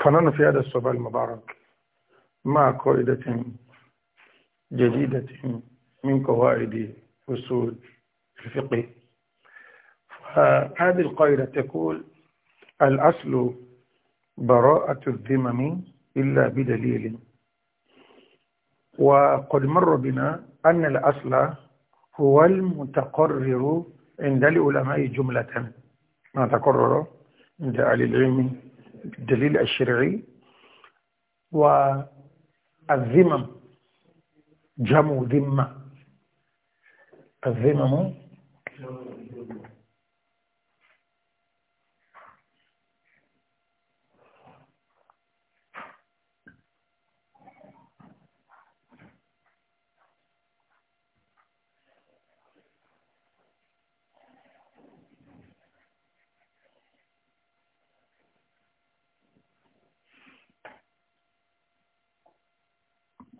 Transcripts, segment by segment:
فنحن في هذا الصباح المبارك مع قاعدة جديدة من قواعد أصول الفقه فهذه القاعدة تقول الأصل براءة الذمم إلا بدليل وقد مر بنا أن الأصل هو المتقرر عند العلماء جملة ما تقرر عند أهل العلم الدليل الشرعي والذمم جمع ذمة الذمم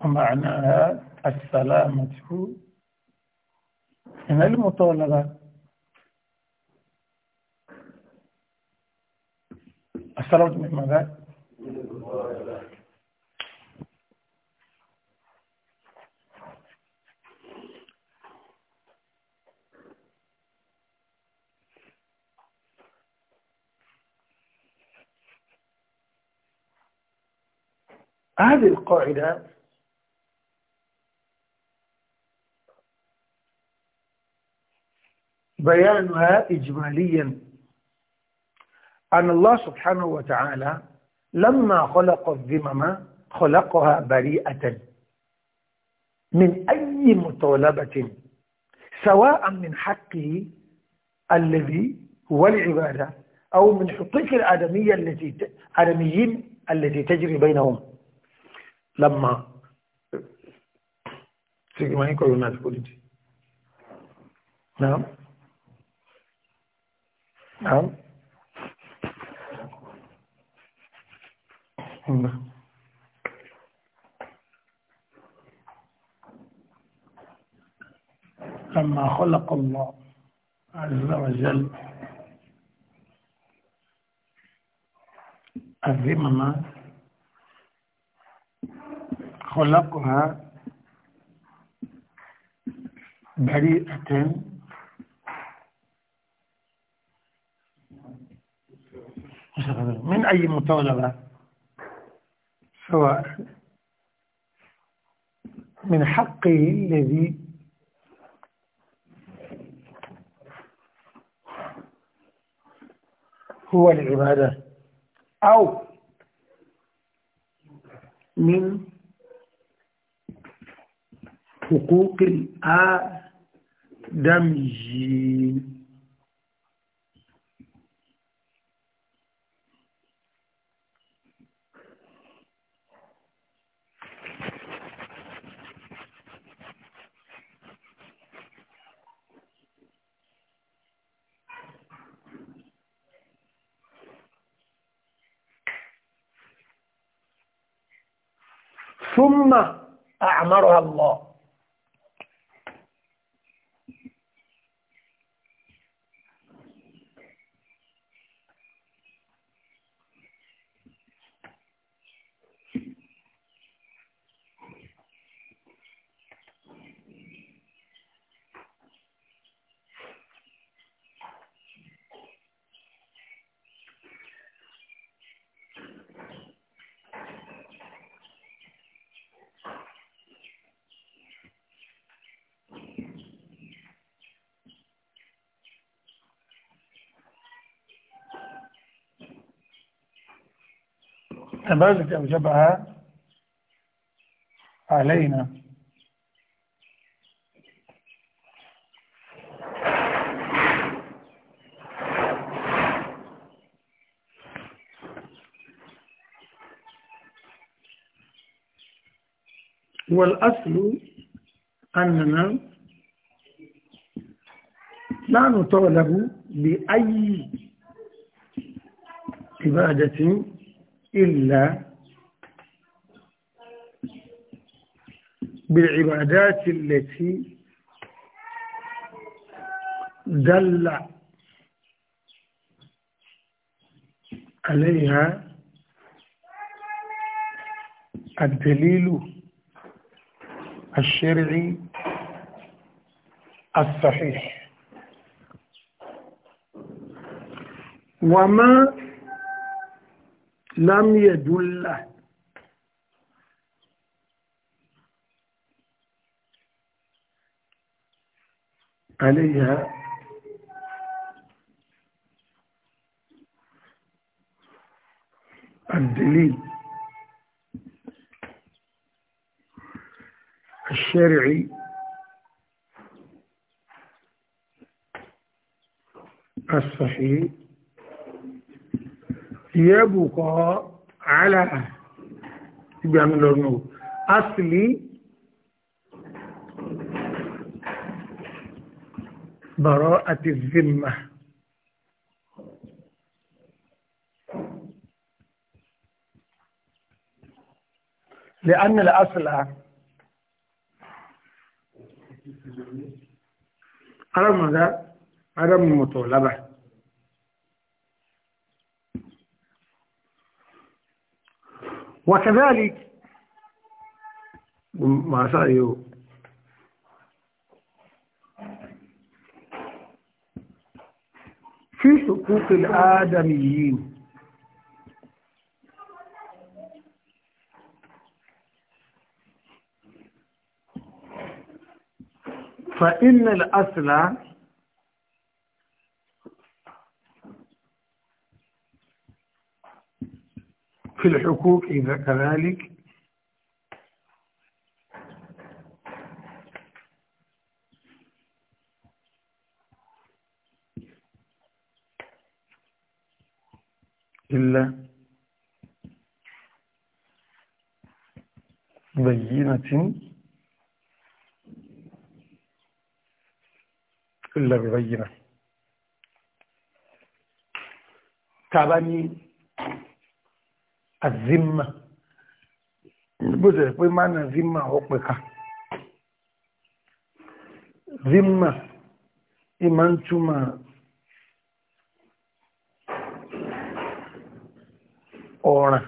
ومعناها السلامة من المطالبة السلامة من ماذا؟ هذه القاعدة بيانها إجماليا أن الله سبحانه وتعالى لما خلق الذمم خلقها بريئة من أي مطالبة سواء من حقه الذي هو العبادة أو من حقوق الآدمية التي آدميين التي تجري بينهم لما نعم نعم لما خلق الله عز وجل الذمم خلقها بريئة من أي مطالبة سواء من حقه الذي هو العبادة أو من حقوق الآدمجين ثم أعمرها الله الأسباب أوجبها علينا والأصل أننا لا نطالب بأي عبادة إلا بالعبادات التي دل عليها الدليل الشرعي الصحيح وما لم يدله عليها الدليل الشرعي الصحيح يبقى على اصلي براءة الذمة لأن الأصل عدم ماذا؟ عدم المطالبة وكذلك ما سعيه في حقوق الآدميين فإن الأصل في الحقوق إذا كذلك إلا بينة إلا بغيره تعبني azima bó ṣe pé na zima ó pè ká zima ìmọ̀ ń túmọ̀ ọ̀ràn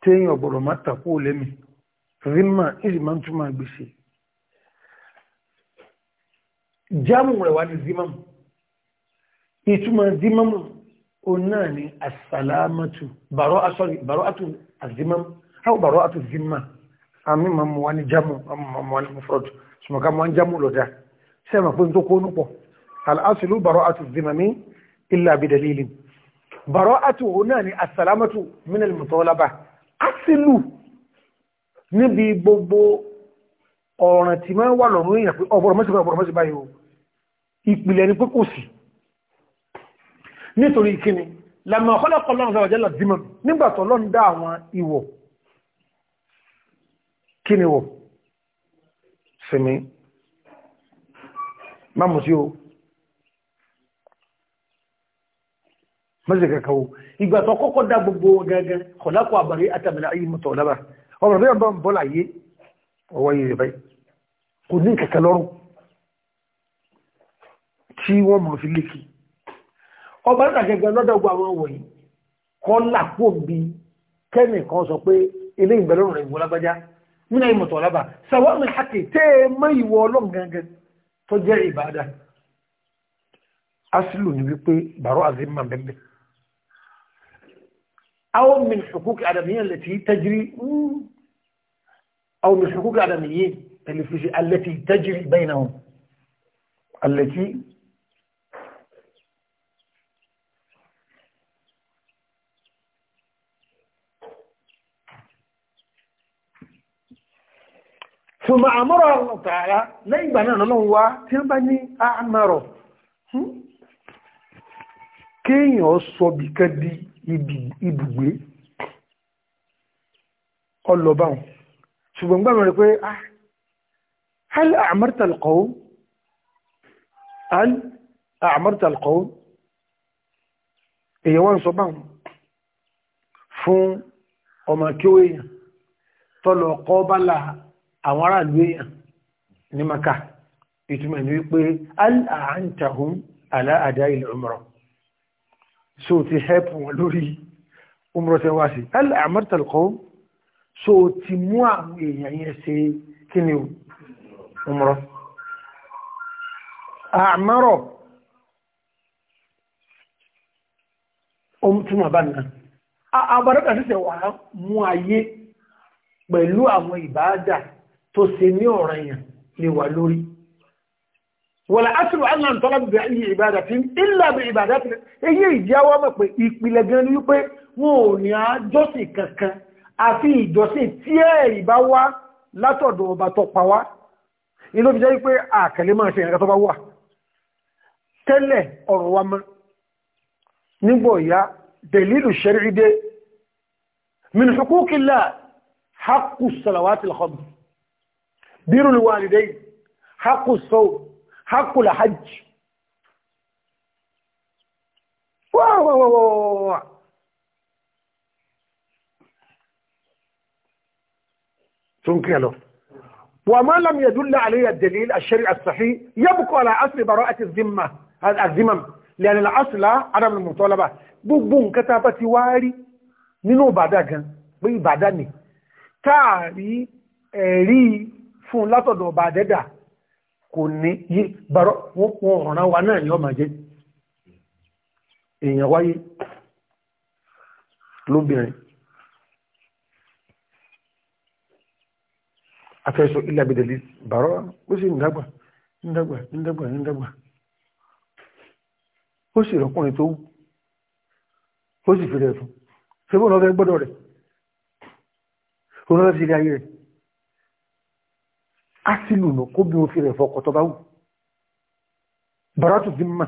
téèyàn ọ̀gbọ̀rọ̀ má lẹ́mí zima ń gbèsè jámù rẹ̀ wá náà ni asàlámàtù bàrọ́àtù azimam hau bàrọ́àtù zimma àmì mamu wa ni jamu mamu wa ni mufrod ṣùgbọ́n mamu wa ni jamu lọ́dá sai ma fi tó kó nùpọ̀ al'asìlú bàrọ́àtù zimami illa bi dalilin bàrọ́àtù náà ni asàlámàtù minal mutolaba asìlú níbi gbogbo ọ̀ràn tí máa wà lọ́rùn èèyàn pé ọ̀bọ̀rọ̀ mọ́sí báyìí ìpìlẹ̀ ni pé kò sí nítorí kíni làmà ọ̀kọ́lọ́kọ́ lọ́rùn sọ̀rọ̀ jẹ́lọ dímọ̀ nígbà tó lọ́n dá àwọn ìwọ̀ kíni wọ̀ sinmi má mú sí o mọ́sí kankan o ìgbà tó kọ́kọ́ dá gbogbo gẹ́gẹ́ kọ̀lákọ̀ àbárí àtàmìlà ayé mọ́tọ̀ lábà ọmọ bí ọba bọ́lá yé ọwọ́ yìí rẹ̀ báyìí kò fi lékìí ọba náà gẹ́gẹ́ lọ́dọ̀ gba àwọn wọ̀nyí kọ́ làpò bí kẹ́mì kan sọ pé ilé ìgbẹ̀lọ́rùn rẹ̀ ìwọlágbájá nínú ìmọ̀tọ̀ ọ̀lábà sàwọ́mì hàkì tẹ́ ẹ mọ́ ìwọ ọlọ́run gangan tó jẹ́ ìbáadá asìlù ni wípé bàrọ́ àzí mà bẹ́ẹ̀ àwọn min hukuki adamiyan lati tajiri àwọn min hukuki adamiyan lati tajiri bainahum allati ثم أمر الله تعالى لا يبنى لهم وا تبني أعمره kéèyàn sọ bìkan di ibùgbé ọlọ́bàun ṣùgbọ́n gbàmọ̀ rẹ̀ pé ah, hal àmàrtà alqawm hal àmàrtà alqawm èyàn wọ́n sọ báun fún ọmọ kí ó èèyàn tọ́lọ̀ kọ́ bá láàá àwọn aráàlú èèyàn ní maka ìtumọ̀ ní wípé al'áńtàhún aláàdá ilẹ̀ umrọ̀ so ti hẹ́pù wọn lórí umrọ̀ tẹ́ wá sí al'amọ́tàlkọ́ so ti mú àwọn èèyàn yẹn ṣe kí ni umrọ̀ àmọ́rọ̀ túnmọ̀ bá nà àbárẹ́kà sí tẹ̀wà mú ayé pẹ̀lú àwọn ìbáadà tó ṣe ní ọ̀rọ̀ èèyàn lè wà lórí wọ̀lá asìrò aláàrùn tọ́lá bí i ìbádà tí ìlà bí ìbádà tí èyí ìjáwọ́ mọ̀ pé ìpìlẹ̀ gan ní wípé wọn ò ní àjọsìn kankan àfi ìjọsìn tí ẹ̀rì bá wá látọ̀dọ̀ ọba tó pa wá inú fi jẹ́ wípé àkẹlẹ́ máa ṣe ìrìnkà tó bá wà tẹ́lẹ̀ ọ̀rọ̀ wa mọ́ nígbò ìyá dẹ̀lílù ṣẹ́rí dé min hukukillah بر الوالدين حق الصوم حق الحج وا وا وا وا وا. وما لم يدل عليه الدليل الشرعي الصحيح يبقى على أصل براءة الذمة الذمم لأن الأصل عدم المطالبة بوبون كتابة واري منو بعدها gan pé ìbàdá ni táàrí fún látọ̀dọ̀ ọba àdẹ́dà kò ní yí bàrọ̀ wọn ọ̀ràn wa náà ni ọmọ jẹ́ èèyàn wáyé lóbìnrin afẹ́sọ ilẹ̀ abẹ́dẹ̀lẹ́ ó sì ndagba, ndagba, ndagba, dàgbà ó sì rọ̀kùnrin tó ó sì fi fún ṣe asìlù nù kó bí wọ́n fi rẹ̀ fọkọ̀ tọba wù baratu zimma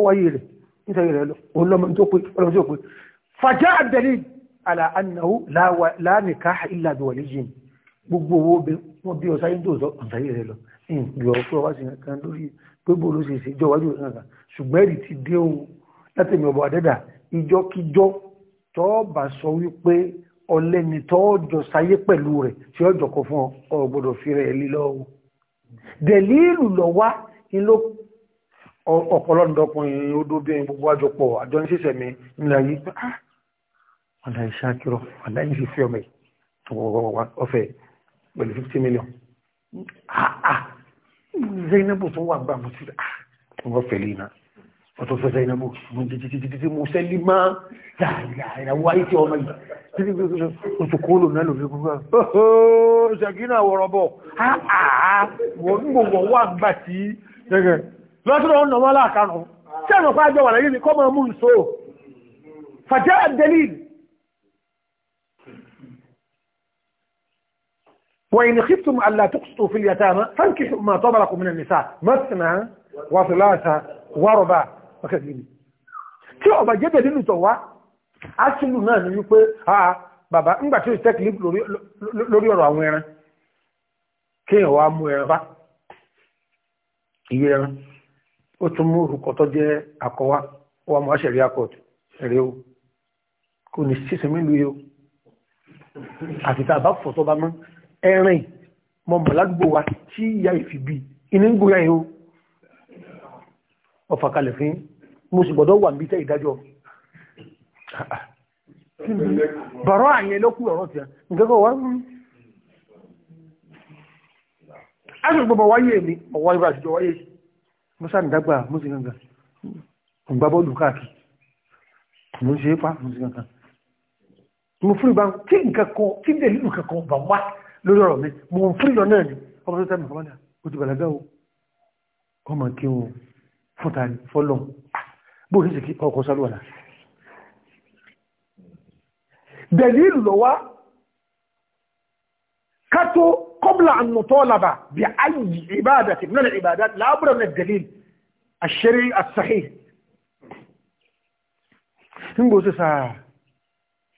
ọwáyé rẹ̀ nítorí rẹ̀ olóòmọ tó pé ọlọ́mọ tó pé fàjá àdẹ̀lì àlà annahu la nikaha illa bi waliyyin gbogbo owó bẹ wọn bí ọ̀sáyé tó sọ ọ̀sáyé rẹ̀ lọ ìgbìyà ọ̀fẹ́ ọwá sí kan lórí gbogbo ló ṣe jọ wájú rẹ̀ kan ṣùgbọ́n èrì ti dé ohun látẹ̀mí ọ̀bọ̀ àdẹ́dà ìjọ kíjọ tọ́ bà sọ wípé ọlẹ́ni tó ọjọ́ sáyé pẹ̀lú rẹ̀ tí ọjọ́ kọ fún ọ gbọ́dọ̀ fi rẹ̀ lé lọ́wọ́ dẹ̀líìlù lọ wá ilé ọ̀pọ̀lọ́dọ̀kùnrin odóbìnrin gbogbo àjọpọ̀ àjọ ní sísẹ̀ mi nílẹ̀ yìí pé ọ̀dà iṣẹ́ kírọ̀ ọ̀dà yìí fi fi ọmọ yìí ọ̀fẹ́ pẹ̀lú fifty million ah, ah, Zainabu tún wà gbà mọ́ sí ah, ọ̀fẹ́ lẹ́yìn náà fọ́tọ̀fẹ́sẹ̀ ìnàbò títítítí mo sẹ́lí máa láàrínàwó ayé tí ọmọ yìí títí oṣù kóòlò náà lòfin gbogbo ṣàgínà wọ̀rọ̀bọ̀ gbogbo wà ń bà tí gẹ́gẹ́ lọ́tọ́rọ̀ ọ̀nà wọ́n láàkánù tí ẹ̀nà pàájọ wà láyé ní kọ́ máa mú ń so fàjẹ́ àdẹ́lì وإن خفتم ألا تقسطوا في اليتامى فانكحوا ما طبلكم من النساء مثنى وثلاثة ورباع ọ̀kẹ́ sí ni tí ọba jẹ́bẹ̀ nínú tọ̀ wá aṣílù náà ni wípé àà bàbá ńgbà tí ó tẹ́kì lórí ọ̀rọ̀ àwọn ẹran kí ẹ̀wà mú ẹran bá iye ẹran ó tún mú orúkọ tó jẹ́ àkọwá wà mọ́ àṣẹ̀rí akọ̀tù ẹ̀rẹ́ o kò ní ṣíṣe mí lóye o àti tá a bá fọ̀ tó bá mọ́ ẹran mọ́ mọ̀ wa tí ìyá ìfìbí inú ń gbóyà yìí o ọ̀fà kalẹ̀ fún yín mo sì gbọ́dọ̀ wà níbi tẹ́ ìdájọ́ bọ̀rọ̀ àyẹ lókù ọ̀rọ̀ tí nǹkan wá mú aṣùgbọ́n wáyé mi ọwọ́ ibà wáyé mo sáà mo sì gangan káàkiri mo ṣe é pa mo sì gangan mo fún ìbá kí nǹkan kan kí bó ní sìkí ọkọ̀ sálúwàlá dẹ̀lìlù lọ́wá kátó kọ́bùlà ànàtọ́ làbà bí ayi ìbáadà tí nínú ìbáadà lábúrò ní dẹ̀lìl àṣírí àṣàhí nígbò sí sáà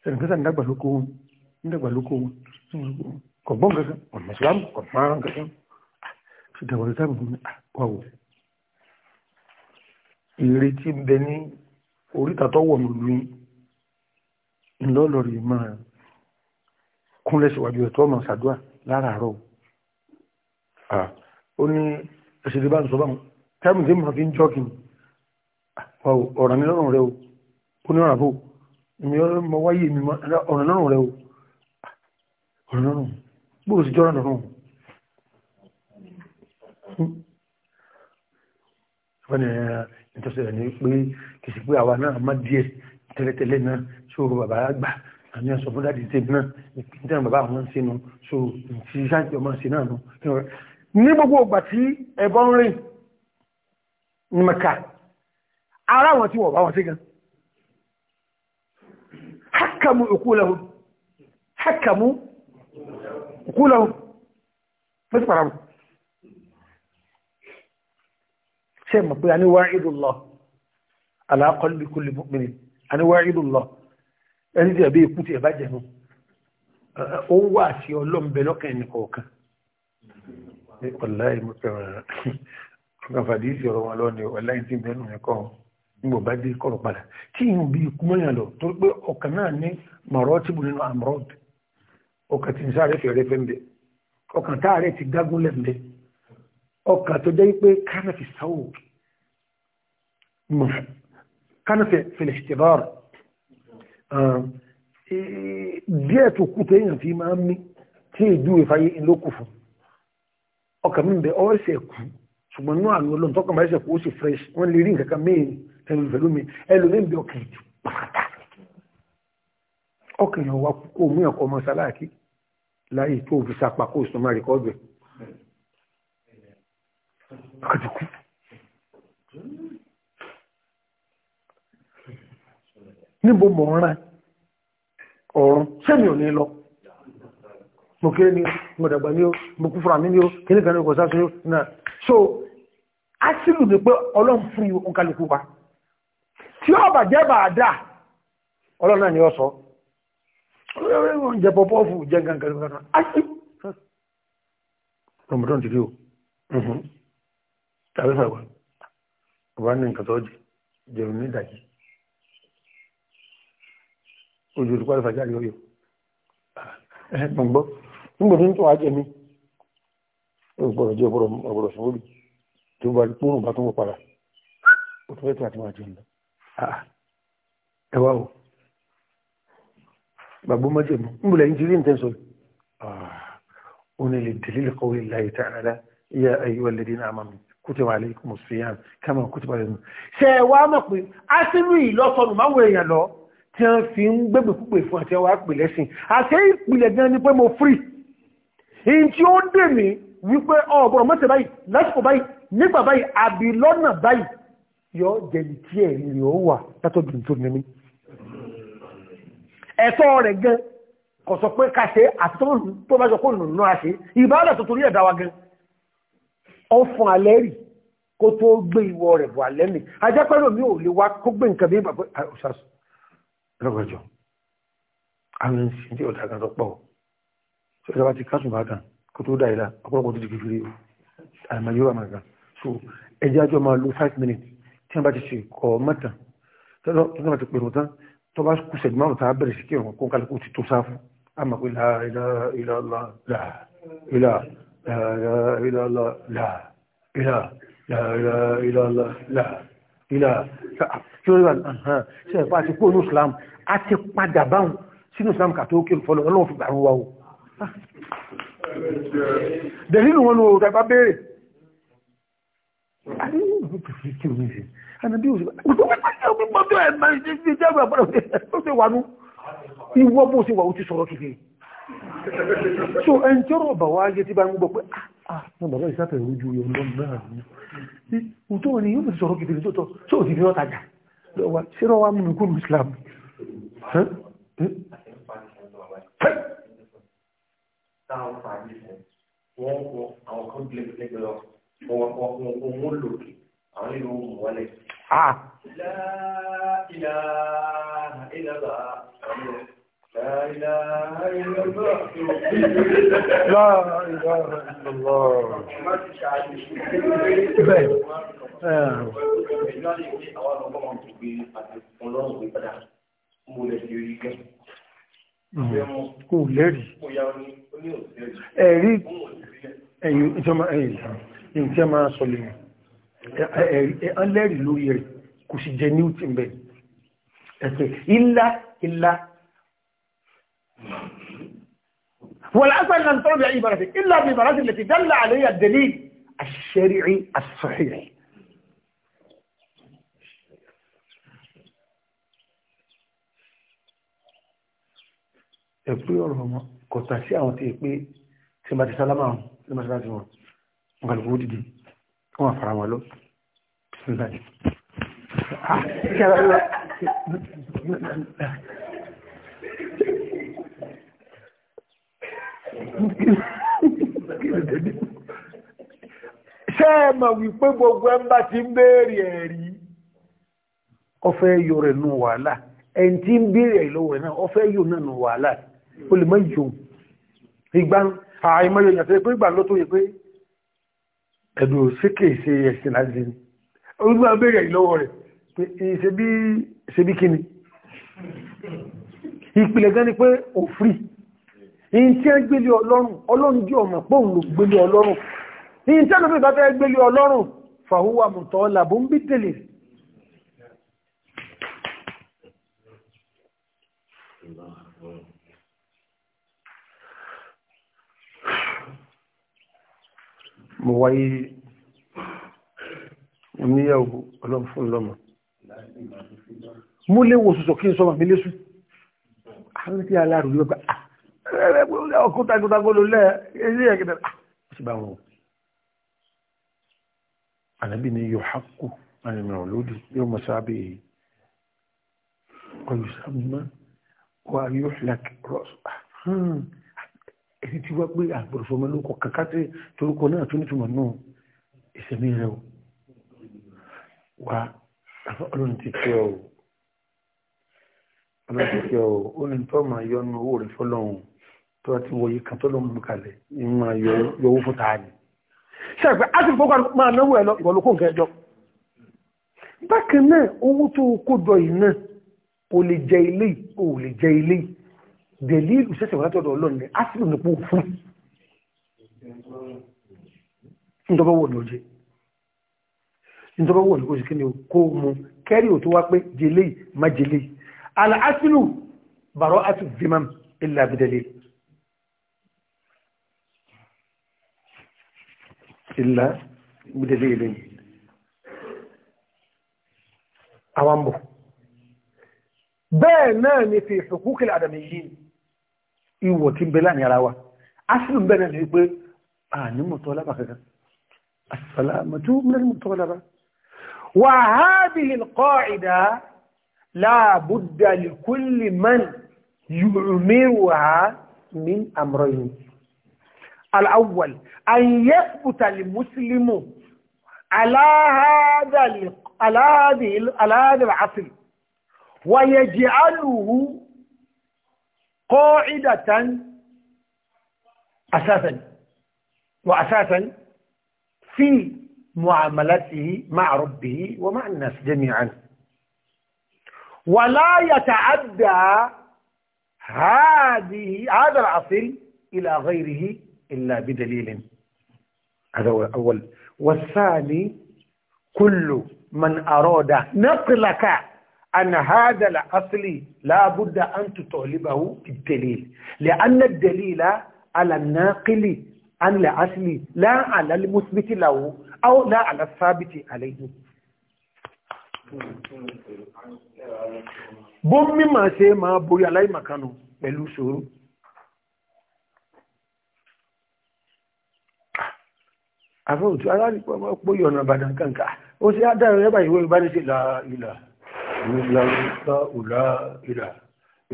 ẹ̀rìnkẹsà ìdàgbàlókò wọn ìdàgbàlókò wọn kọ̀gbọ́n gẹ́gẹ́ ọ̀nà ìsìlámù kọ̀gbọ́n gẹ́gẹ́ èrè tí ń bẹ ní oríta tó wọ̀ lòlú yín ńlọ́lọ́rì máa kúnlẹ̀ síwájú ẹ̀ tó ọmọ ṣàdúà láràárọ̀ ó ní ẹ̀ṣẹ̀dẹ̀ bá ń sọ báwọn táìmù tí mo fi ń jọ́kì ọ̀rọ̀ mi lọ́rùn rẹ o ó ní ọ̀rọ̀ bò mo wáyé mi nítorí ẹni pé kì í sì pé àwa náà má díẹ̀ tẹ́lẹ̀tẹ́lẹ̀ náà ṣòro bàbá àgbà àmì ọ̀sọ̀ fún dáàdì tèmi náà ìpínlẹ̀ náà bàbá àwọn ń sinú so ti sáàjì ọmọ sí náà nù. ní gbogbo ìgbà tí ẹbọ ń rìn ní mẹ́ka ara wọn tí wọ́n bá wọn sí gan. hakamu ukulahum hakamu ukulahum fẹ́sí pàrọ̀ ṣe mọ̀ pé a ní wa'idullah ala qalbi kulli mu'minin a ní wa'idullah ẹni tí ẹ̀bí ikú ti ẹ̀bá jẹnu ó wà sí ọlọ́m̀bẹ lọ́kàn ẹni kọ̀ọ̀kan ọ̀láì mo fẹ́ràn ọkàn fàdí ìsì ọ̀rọ̀ wọn lọ́ni ọ̀láì tí bẹ́ẹ̀ nìyẹn kọ́ nígbà bá dé kọ̀rọ̀ padà tí ìyẹn bí ikú mọ́yàn ń sáré fẹ̀rẹ̀ ń bẹ ọkàn táàrẹ̀ ti dágúnlẹ̀ ń ọkà tó jẹ́ pé kánàfì sáwò kánàfì fìlẹ̀ṣtìbára díẹ̀ tó kú tó èèyàn fi máa ń mí tí ìdú ìfàyè ìlókù fún ọkà mi bẹ ọ́ẹ̀sẹ̀ kú ṣùgbọ́n náà àmì olóhùn tọ́kàn bá ẹ̀sẹ̀ kú ó sì fresh wọ́n lè rí nǹkan kan mẹ́rin ẹnu ìfẹ̀lú mi ẹlòmí bẹ ọkà ìjù pàtà ọkà ìyàn wa kó mú ẹ̀kọ́ ọmọ sáláàkì láyé tó fi sapá kó sùn má rẹ̀kọ́dù àti kú. níbo mọ̀ ń rán ọ̀run sẹ́mi ò ní lọ mo kéré ni mo dàgbà ni ó mo kú fúnra mi ni ó kíní kan ní ọkọ̀ sáfẹ́ náà so asílù ni pé ọlọ́run fún ìwọ̀n kálukú wa tí ó bà jẹ́ bà dà ọlọ́run náà ni ó sọ ọlọ́run jẹ pọpọ́ọ̀fù jẹ́ gangan gangan asílù Ramadan ti rí o. Mhm tàbí fàgbà ọba ní nǹkan tó jẹun ní ìdajì ojú olùkọ́ àlùfàjà rí ọyọ gbọ̀ngbọ́ nígbà tí ń tó ajẹ́ mi ọgbọ̀rọ̀ jẹ́ ọgbọ̀rọ̀ sọ́wọ́lù tó bá pọ́nù bá tó wọ́n padà ó tó fẹ́ tó àti máa jẹun lọ ẹwà o gbàgbọ́ mọ́jẹ̀ mọ́ níbo lẹ́yìn ti rí nǹkan sọ òun ni lè dèlè kọ́wé láyé tààrà yá ayé wà lè dín àmàmì kútìwà aléìkùmù síyàm kama kútìwà aléìkùmù ṣe wá mọ̀ pé a ti rí ìlọ́sọ̀nù máwọn èèyàn lọ tí wọ́n fi ń gbẹ̀gbẹ̀ púpẹ̀ fún àti ọwà pè lẹ́sìn àti ìpìlẹ̀ gan ni pé mo frí in tí ó dè mí wípé ọ̀bọ̀rọ̀ mọ́tẹ̀ báyìí lásìkò báyìí nígbà báyìí àbí lọ́nà báyìí yọ jẹ̀lì tí ẹ̀ rí ó wà látọ̀dù tó ní mí ẹ̀tọ́ rẹ̀ gan kò sọ pé ká àti tó bá sọ pé nùnú àṣe ìbáàdà tó torí ẹ̀dá wa gan ọ fún alẹ́ rì kó tó gbé ìwọ rẹ̀ bọ̀ alẹ́ mi ajápẹ́rò mi ò lè wá kó gbé nǹkan bí bàbá ọ̀ṣàṣù lọ́gọ́jọ́ àwọn ìsìn tí ọ̀dà kan tọ́pọ̀ ṣe ìjọba ti kásùn bá kan kó tó dáìlá ọ̀pọ̀lọpọ̀ tó ti kékeré àmà yóò àmà kan so ẹjẹ́ àjọ máa lo five minutes tí wọ́n bá ti ṣe kọ́ mẹ́ta tí wọ́n bá ti pèrò tán tó bá kù sẹ̀dí márùn-ún tá a bẹ̀rẹ̀ sí kí ọ̀rọ̀ kó kálukú ti tó sáfù àmà pé láà ilà ilà لا إله إلا الله لا لا إله إلا لا إله kí ó rí àhán sí ẹ̀pá àti kó ní islam a ti padà báhùn sínú islam kà tó kí n fọ́lọ̀ ọlọ́run fi so ẹn tí ọ̀rọ̀ bà wá yẹ tí bá ń gbọ́ pé ah, ah bàbá ìsáfẹ́ ìrújú yọ lọ́nà náà ní ìtọ́ ni yóò sọ̀rọ̀ kìtìrì tó tọ́ tó ti fi ọ́tajà lọ́wọ́ sírọ́ wa mú kúrò Islam Ah. La ilaha illallah. لا إله إلا الله لا إله إلا الله Kò lẹ́rì. Ẹ̀rí ẹ̀yìn tí a máa sọ lè rìn. Ẹ̀rí lórí rẹ̀ kò sì jẹ ní ìtìmẹ̀. Ẹ̀sẹ̀ ìlà ìlà والأثر أن تربي أي بركة إلا ببركة التي دل عليها الدليل الشرعي الصحيح èpè ọ̀rọ̀ kò tà sí àwọn tí èpè tí ma ti sálámà ọ̀hún tí ma sálámà ọ̀hún wọn kàlùkù ó dìde wọn àfàrà wọn lọ sí ṣé ẹ mọ̀ gbogbo ẹ̀ ń bá ti ń béèrè ẹ̀rí ọfẹ́ yọ rẹ̀ nù wàhálà ẹ̀ń tí ń béèrè yọ náà nù wàhálà ó lè mọ́ Igba ìgbà àìmọ́ yọ yàtọ̀ pé ìgbà lọ́tọ̀ yẹ pé ẹ̀dùn síkè ṣe ẹ̀sìn láti ní olúwa béèrè ìlọ́wọ̀ rẹ̀ pé bí kíni ìpìlẹ̀ gan ni pé òfin ìyìn tí wọ́n gbélé ọlọ́run ọlọ́run jẹ́ ọmọ pé òun ló gbélé ọlọ́run ìyìn tí wọ́n bá fẹ́ gbélé ọlọ́run fàhúwà mùtọ́ làbó ń bí tèlè mo wáyé oníyàwó ọlọ́run lọ́mọ mo lè sọ̀sọ̀ kí n sọmọ mi lésù àwọn tí aláàrù ló gbà ọkùnta kúta kó ló lẹ́ ẹ̀rí ẹ̀ kìtà sí bá wọn. ànábì ni yóò hákù àyẹ̀mọ̀ lódì yóò mọ̀ sábẹ́ ọ̀yùsàmùmá wà yóò lẹ́kì rọ́ọ̀sù. èyí tí wọ́n pé àgbọ̀rọ̀ fọmọ ló kọ kàkà tí torúkọ náà tó nítumọ̀ náà ìsẹ̀mí rẹ̀ o. wà ọlọ́run ti fẹ́ ọ ọlọ́run ti fẹ́ ọ ó ní tọ́ máa yọnu owó rẹ̀ fọlọ́run tó ti wòye kan tó ló mú kalẹ̀ ìmọ̀ yòówó fún tààní ṣẹ́gbẹ́ a ti fọ́gbà máa náwó ẹ̀ lọ ìwọ̀lókò nǹkan ẹjọ́ bákan náà owó tó kó dọ iná o lè jẹ ilé o lè jẹ ilé dẹ̀lí ìlú sẹ́sẹ̀ wà látọ̀dọ̀ ọlọ́run a sì lè pò fún ntọ́bọ̀wọ̀ ní kó mu إلا بدليل أوامبو بانان في حقوق الآدميين إيوة تنبلان يا روا أصل بنا الهب آن آه، المطالبة السلامة من المطولبة وهذه القاعدة لا بد لكل من يؤمرها من أمرين الأول أن يثبت المسلم على هذا على هذه على هذا العصر ويجعله قاعدة أساسا وأساسا في معاملته مع ربه ومع الناس جميعا ولا يتعدى هذه هذا العصر إلى غيره إلا بدليل هذا هو الأول والثاني كل من أراد نقلك أن هذا الأصل لا بد أن تطالبه بالدليل لأن الدليل على الناقل عن الأصل لا على المثبت له أو لا على الثابت عليه بومي ما سيما بويا لاي مكانو بلو ṣòro àfẹ́òtú aláàrípọ̀ ọmọ póyọ̀ ọ̀nà àbàdàn kànkà ó sì ádára rẹ̀ báyìí wọ́n bá ní sí láàílà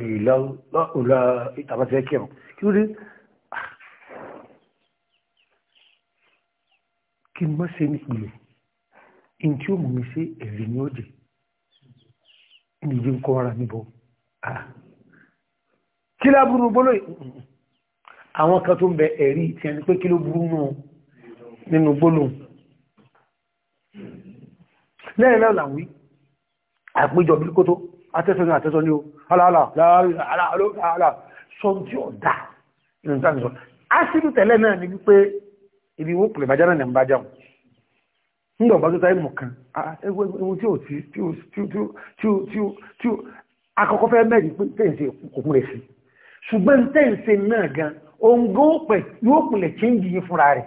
ìlàúlà ìtàbátẹ́ kẹrùn kí ó rí kí n mọ́ sí nípìnlẹ̀ in tí ó mú mi sí ẹ̀rí ní òjì ní ìjì ń kọ́ kí ló burú náà nínú gbólóhùn lẹ́yìn náà làwí àpéjọ bí kótó atẹ́sọ́ ní àtẹ́sọ́ ní o aláàlá aláàlá sọ tí ó dá inú tàbí sọ aṣírí tẹ̀lẹ̀ náà ni wípé ibi wó pèlè bàjá náà ní bàjá wọn nígbà bá tó táyé mọ̀ kan ewu tí ó ti tí ó akọ́kọ́ fẹ́ mẹ́rin pé tẹ́ǹsì òkun rẹ̀ sí ṣùgbọ́n tẹ́ǹsì náà gan òǹgó pẹ̀ yóò pèlè chíńjì yìí fúnra rẹ̀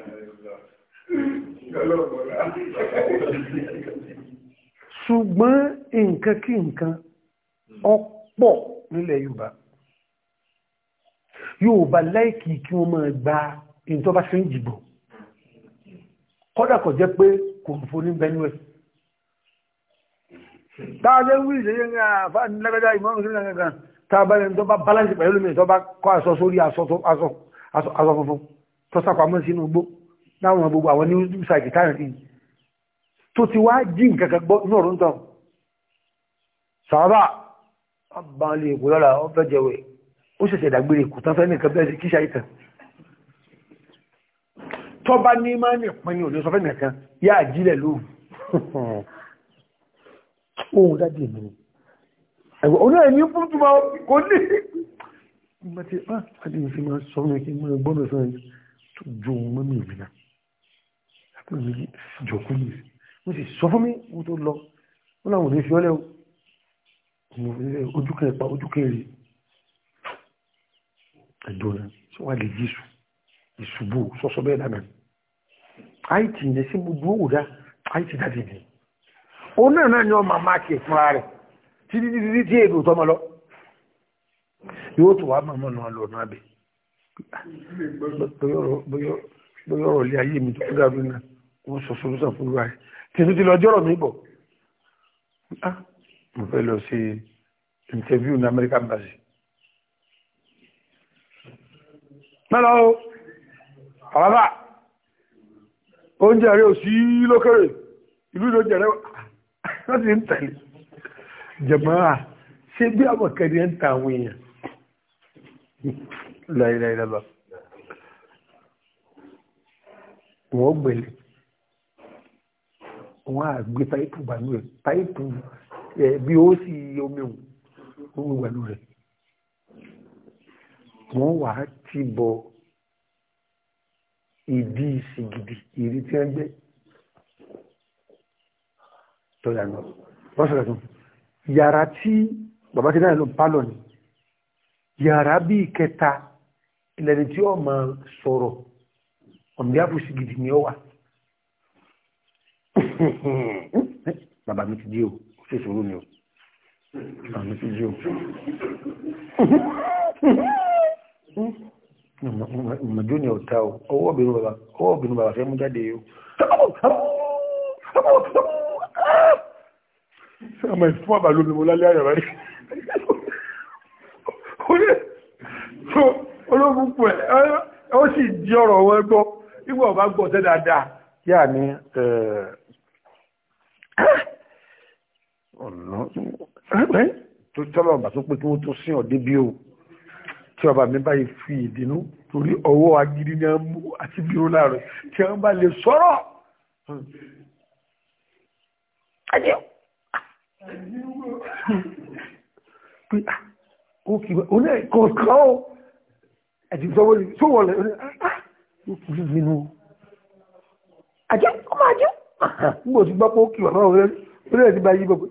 ṣùgbọ́n nǹkan kí nǹkan ọ̀pọ̀ nílẹ̀ Yorùbá Yorùbá láìkì kí wọ́n máa gba ìjọba sí ìjìbò kọ́dà kọ̀ jẹ́ pé kò ń fún ní benue táàlẹ́ wí ìṣẹ́yẹ́ ní àfáà ní lágbàjá ìmọ̀rún sílẹ̀ kankan tábàlẹ̀ tó bá balance pẹ̀lú mi tó bá kọ́ aṣọ sórí aṣọ funfun tó sápamọ́ sínú gbó láwọn gbogbo àwọn news site táyọ̀ sí tó ti wá jí nǹkan kan gbọ́ ní ọ̀rún tán sàábà ọbànlé èkó lọ́la ọbẹ̀ jẹ̀wẹ̀ ó ṣẹ̀ṣẹ̀ dàgbére kò tán fẹ́ nìkan bẹ́ẹ̀ sí kíṣà ìtàn tó bá ní máa ní ìpín ní òlẹ́sọ fẹ́ nìkan yá àjílẹ̀ lóhùn ohun dájú mi ẹ̀wọ̀n oní ẹ̀mí fún túnmọ̀ kò ní ìgbà tí a ti ah, fi máa sọ mi kí n máa gbọ́dọ̀ sọ ju mọ́mí mi náà jòkó yìí wọ́n sì sọ fún mi wọ́n tó lọ wọ́n láwọn òní fi ọ́lẹ́ ojúkẹ́ ẹ̀pá ojúkẹ́ rí ẹ̀dọ́rẹ́ tí wọ́n lè jí ìṣù ìṣubú sọ́sọ́ bẹ́ẹ̀ dáná àìtì ìyẹn sí gbogbo owó dá àìtì dáadé ni òun náà náà ni wọ́n máa máàkì ìfúnra rẹ̀ títí títí tí èdè òtọ́ mọ́ lọ yóò tó wá màmá náà lọ náà bẹ̀ bóyá ọ̀rọ̀ ilé ayé mi tó kúrò náà wọ́n sọ sọ́sọ́ fún wa tí tó ti lọ jọ́rọ̀ mi bọ̀ ah, mo fẹ́ lọ sí interview ní America embassy mẹ́lọ àwọ́bà oúnjẹ rẹ̀ ò sí lókèrè ìlú ìlójẹ rẹ̀ wọ́n ti ń tẹ̀lé jẹ̀mọ́ra ṣe bí àwọn kẹ́ni ń ta àwọn èèyàn láìláìlábà wọ́n gbẹ̀lẹ̀ wọn á gbé páìpù bànú rẹ̀ páìpù ẹ̀ bí ó sì omi òun ó wà nù rẹ̀ wọ́n wà á ti bọ̀ ìdí ìsìgìdì ìrí tí wọ́n jẹ́ tọ́jà náà wọ́n sọ̀rọ̀ tún yàrá tí bàbá tí náà ló pálọ̀ ni yàrá bí ìkẹta ilẹ̀ tí ó máa sọ̀rọ̀ ọ̀mìyàbù sìgìdì ni ó wà bàbá mi ti jí o ṣe ìṣòro mi o bàbá mi ti jí o mọ̀jú ni ọ̀tá o ọwọ́ obìnrin bàbá ọwọ́ obìnrin bàbá fẹ́ mú jáde o ọmọ ìfún àbà lómi mo lálẹ́ àyàrá rí olóògùn pọ̀ ẹ̀ ó sì jí ọ̀rọ̀ wọn gbọ́ nígbà ọba gbọ́ tẹ́ dáadáa yáà ní ẹ̀ẹ́ ọ̀nà ẹgbẹ́ tó tọ́lọ̀ ọ̀bà tó pé kí wọ́n tó sí ọ̀dẹ́ bí o tí ọba mi báyìí fi ìdínú torí ọwọ́ agidi ní amú àti o láàrẹ̀ tí wọ́n bá lè sọ̀rọ̀ ajẹ́ pé ah, ó kì í oní ẹ̀kọ́ kan ó ẹ̀jẹ̀ sọ́wọ́ lè sọ́wọ́ lè ó kì í bínú ajẹ́ ọmọ ajẹ́ nígbà tí gbọ́ pé ó kì wà náà orí ẹ̀ ti bá yí gbogbo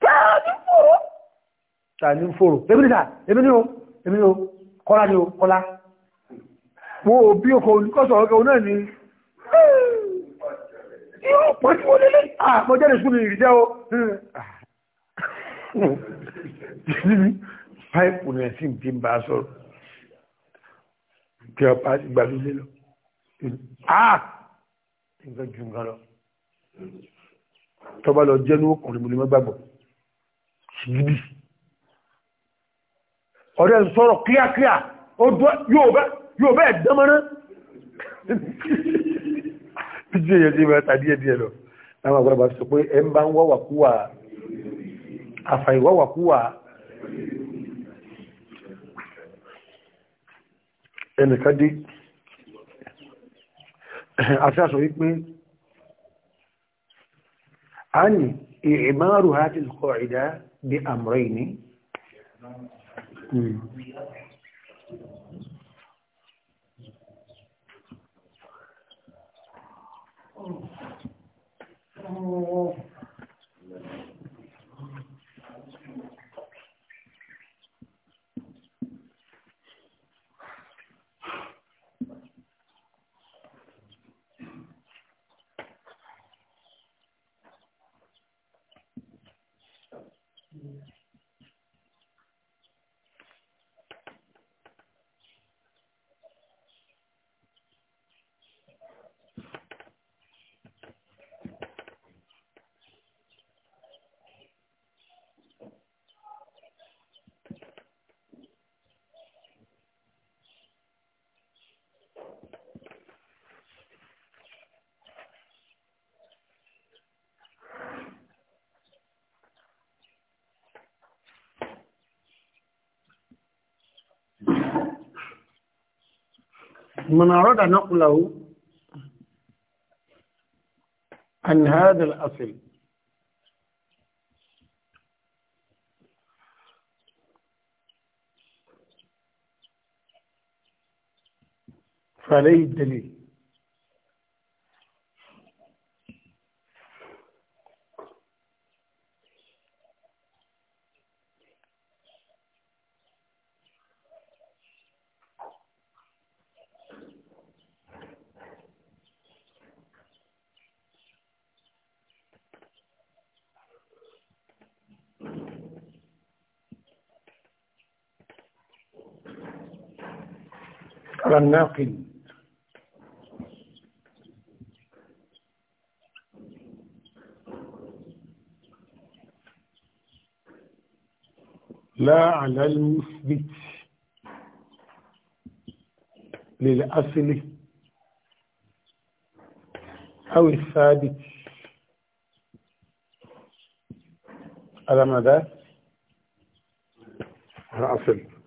tààdí fòrò tààdí fòrò ebi nìta ebi o ebi ní o kọ́lá ní o kọ́lá wo bí okò olùkọ́sọ̀ ọ̀gá onáà ni yóò pọ̀ tí wọ́n lélẹ̀ àmọ́ ah, jáde sùn ní ìrìjẹ́ o páìpù ní ẹ̀sìn tí ń bá sọ̀rọ̀ kí ọ pa ti gbàlú lélọ ah! nǹkan ju nǹkan lọ tọ́ba lọ jẹ́ ní ọkùnrin múlẹ̀ mọ́gbàgbọ́ gidi ọ̀rẹ́ ń sọ̀rọ̀ kíákíá yóò bẹ́ẹ̀ dánmọ́rán títí èyàn tí mẹ́ta díẹ̀ díẹ̀ lọ láwọn àgbàlagbà sọ pé ẹ ń ẹnìkan dé àṣàṣọ wípé a ní ìmáàrù hati lọ́kọ̀ ìdá bí àmúrẹ́ ìní Oh. من أراد نقله عن هذا الأصل فعليه الدليل على الناقل لا على المثبت للأصل أو الثابت على ماذا؟ على أصل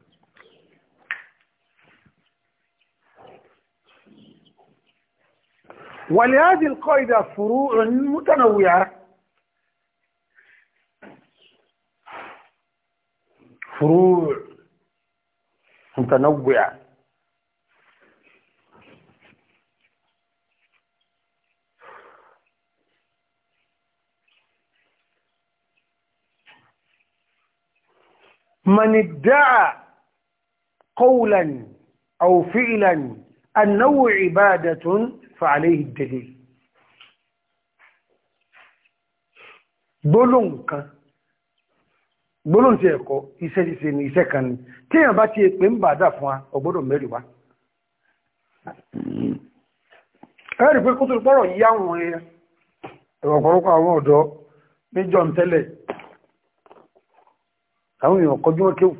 ولهذه القاعدة فروع متنوعة فروع متنوعة من ادعى قولا أو فعلا أنه عبادة فعليه الدليل gbólóhùn kan gbólóhùn tí ẹ̀kọ́ iṣẹ́ ṣíṣe ni iṣẹ́ kan ni tí èèyàn bá ti pè ń bàdà fún wa ọgbọ́dọ̀ mẹ́rin wá ẹ̀rì pé kó tó gbọ́rọ̀ yí àwọn ẹ̀rọ̀pọ̀lọpọ̀ àwọn ọ̀dọ́ níjọ́ tẹ́lẹ̀ àwọn èèyàn kọjú wọn kéwù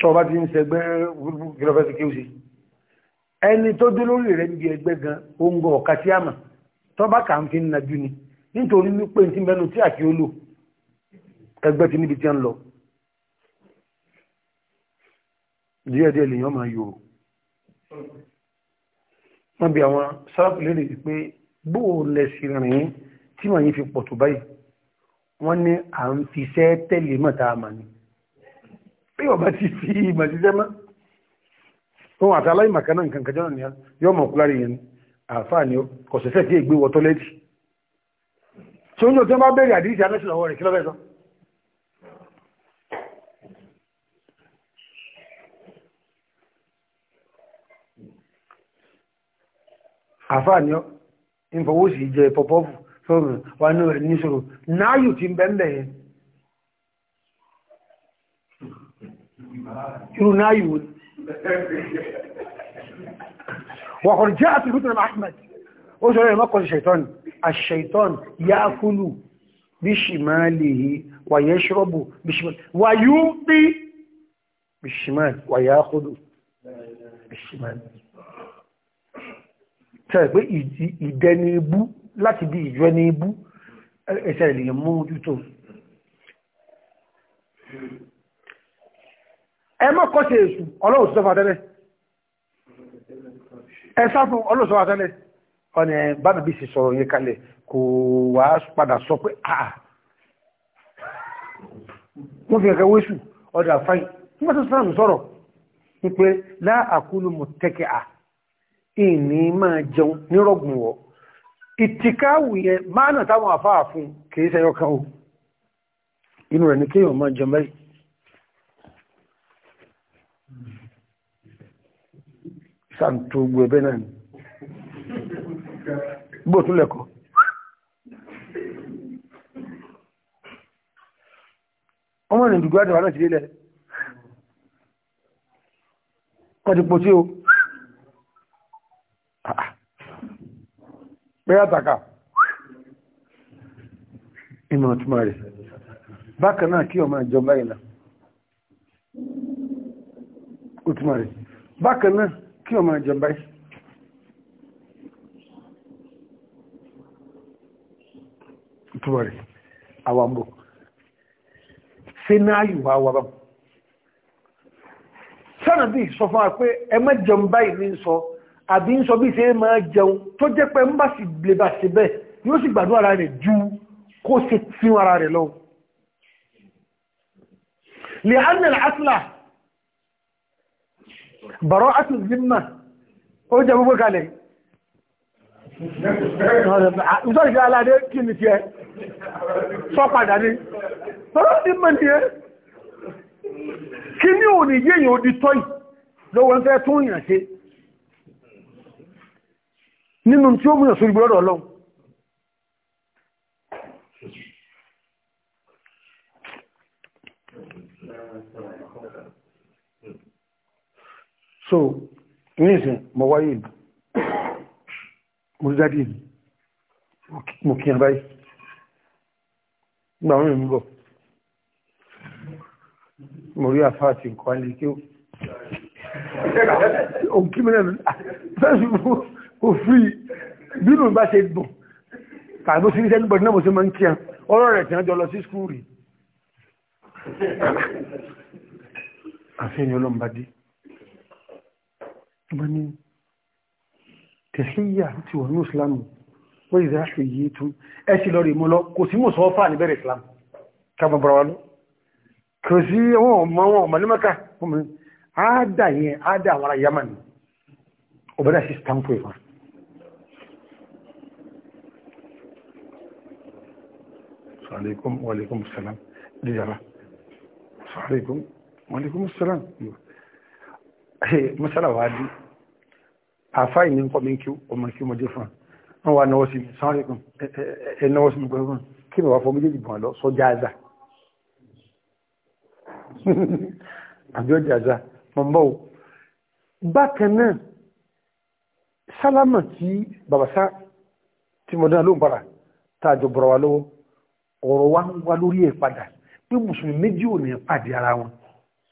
tọ́ bá ti ń sẹgbẹ́ gílọ́fẹ́sì kéwù sí i ẹni tó dúró lórí rẹ̀ níbi ẹgbẹ́ gan oúnjẹ ọ̀ka tí a mà tọ́ba kà ń fi najú ni nítorí wípé tí mẹ́nu tí àti ó lò ẹgbẹ́ ti níbi tí a ń lọ díẹ̀díẹ̀ lèèyàn máa yòrò wọ́n bí àwọn sáàpù lérè wípé bóò lẹ̀ sí rìn tí màá yín fi pọ̀ tó báyìí wọ́n ní à ń fi iṣẹ́ tẹ̀lé mọ̀ta àmà ni bí ọba ti fi ìmọ̀ ṣiṣẹ́ mọ́ tóun àti aláìmọ̀kan náà nǹkan kẹjọ́ nìyẹn yóò mọ̀ kúlárí yẹn àfáà ni kò sẹ́sẹ́ tí ègbé wọ tọ́lẹ́tì tí ó ń lò tí wọ́n bá bẹ̀rẹ̀ àdírísì alẹ́sìn ọwọ́ rẹ̀ kí lọ́fẹ́ sọ àfáà ni ìfọwọ́sì jẹ pọ̀pọ́fù fóònù wà ní rẹ̀ níṣòro náàyù ti bẹ́ẹ̀ irú náàyù ni وقد جاءت الفتنة مع أحمد وجعل يمقص الشيطان الشيطان يأكل بشماله ويشرب بشماله ويمضي بالشمال ويأخذ بالشمال tẹ́ẹ̀gbé ìdẹni ibú láti bí ìjọ ẹni ibú ẹsẹ̀ ẹ mọ́ kọ́ṣe èṣù ọlọ́run sọ́fà tẹ́lẹ̀ ẹ sá fún ọlọ́run sọ́fà tẹ́lẹ̀ ọ̀nà bánà bí sì sọ̀rọ̀ yẹn kalẹ̀ kò wá padà sọ pé àà wọ́n fi kẹ́kẹ́ wéṣù ọdọ̀ àfáì nígbà tó sọ́rọ̀ sọ̀rọ̀ wípé láàkúlù mọ̀ tẹ́kẹ̀ à ìní máa jẹun nírọ̀gùn wọ̀ ìtìkáwù yẹn máa nà táwọn àfáà fún kìí sẹ́yọ́ kan o inú rẹ̀ ní kéèyàn máa jẹun báyìí Santo gbò ẹ̀bẹ́ náà ni gbò ọmọ ìrìn dùgbò àdàwà náà ti rí lẹ ti pọ̀ sí o pẹ́ ah, ah. àtàkà ìmọ̀ ọ̀túnmọ̀ rẹ̀ bákan náà kí ọmọ ìjọba ìlà ọ̀túnmọ̀ rẹ̀ bákan náà kí ọmọ ìjọba yìí túbọ̀ rẹ̀ àwàmbò ṣe náà yùwà wàbá sánàbí sọ fún wa pé ẹ má jẹun báyìí ní sọ àbí ń sọ bí ṣe máa jẹun tó jẹ́ pé ń bá sì lè bá ṣe bẹ́ẹ̀ yóò sì gbàdúrà ara rẹ̀ ju kó ṣe tí ara rẹ̀ lọ bọ̀rọ̀ àtúnzímà ó jẹ gbogbo kalẹ̀ ìtọ́jú fi aládé kí ni tiẹ̀ sọ padà ní bọ̀rọ̀ àtúnzímà ni ẹ́ kí ní òní yéyìn odi tọ́yì lọ́wọ́ ń fẹ́ tún yàn ṣe nínú tí ó múyàn sórí gbọ́rọ̀ ọlọ́run Thank you so ní ìsìn mo wáyé ìlú mo jáde ìlú mo kí n báyìí gbà wọn mi bọ̀ mo rí àfáà ti nǹkan alẹ́ kí ó o kí mi lẹ́nu fẹ́ẹ̀sì mo fi bínú bá ṣe dùn tàbí ó sì ní sẹ́ni bọ̀dí náà mo ṣe máa ń kí ẹ ọ̀rọ̀ rẹ̀ tí wọ́n jọ lọ sí skúù rí àfihàn ọlọ́mbadé wọ́n ní tẹ̀síyà ti wọ̀ ní ìsìlámù wọ́n ìzá ṣe yìí tún ẹ sì lọ rí mú lọ kò sí mú sọ fà níbẹ̀rẹ̀ ìsìlámù kábàbàrà wa lọ kò sí wọn ọmọ wọn ọmọ nímọ̀ká ọmọ àádà yẹn àádà àwọn ará yamani ọbẹ̀dà sí stampo ìfà alaikum wa alaikum salam dijara alaikum wa alaikum salam mọ́sálà wá dí àfá ìní ń kọ́ mi kí ọmọ kí ọmọdé fún wọn wà náwó sí sáré kan ẹ náwó sí gbogbo kan kí bàbá fọ méjèèjì bọ̀ lọ sọ jáàzà àbí ọjà àzà mọ̀ ń bọ̀ o bákan náà sálámà tí bàbá sá tí mo dáná ló ń para tá a jọ bọ̀rọ̀ wa lọ́wọ́ ọ̀rọ̀ wa ń wá lórí ẹ̀ padà pé mùsùlùmí méjì ò ní pàdé ara wọn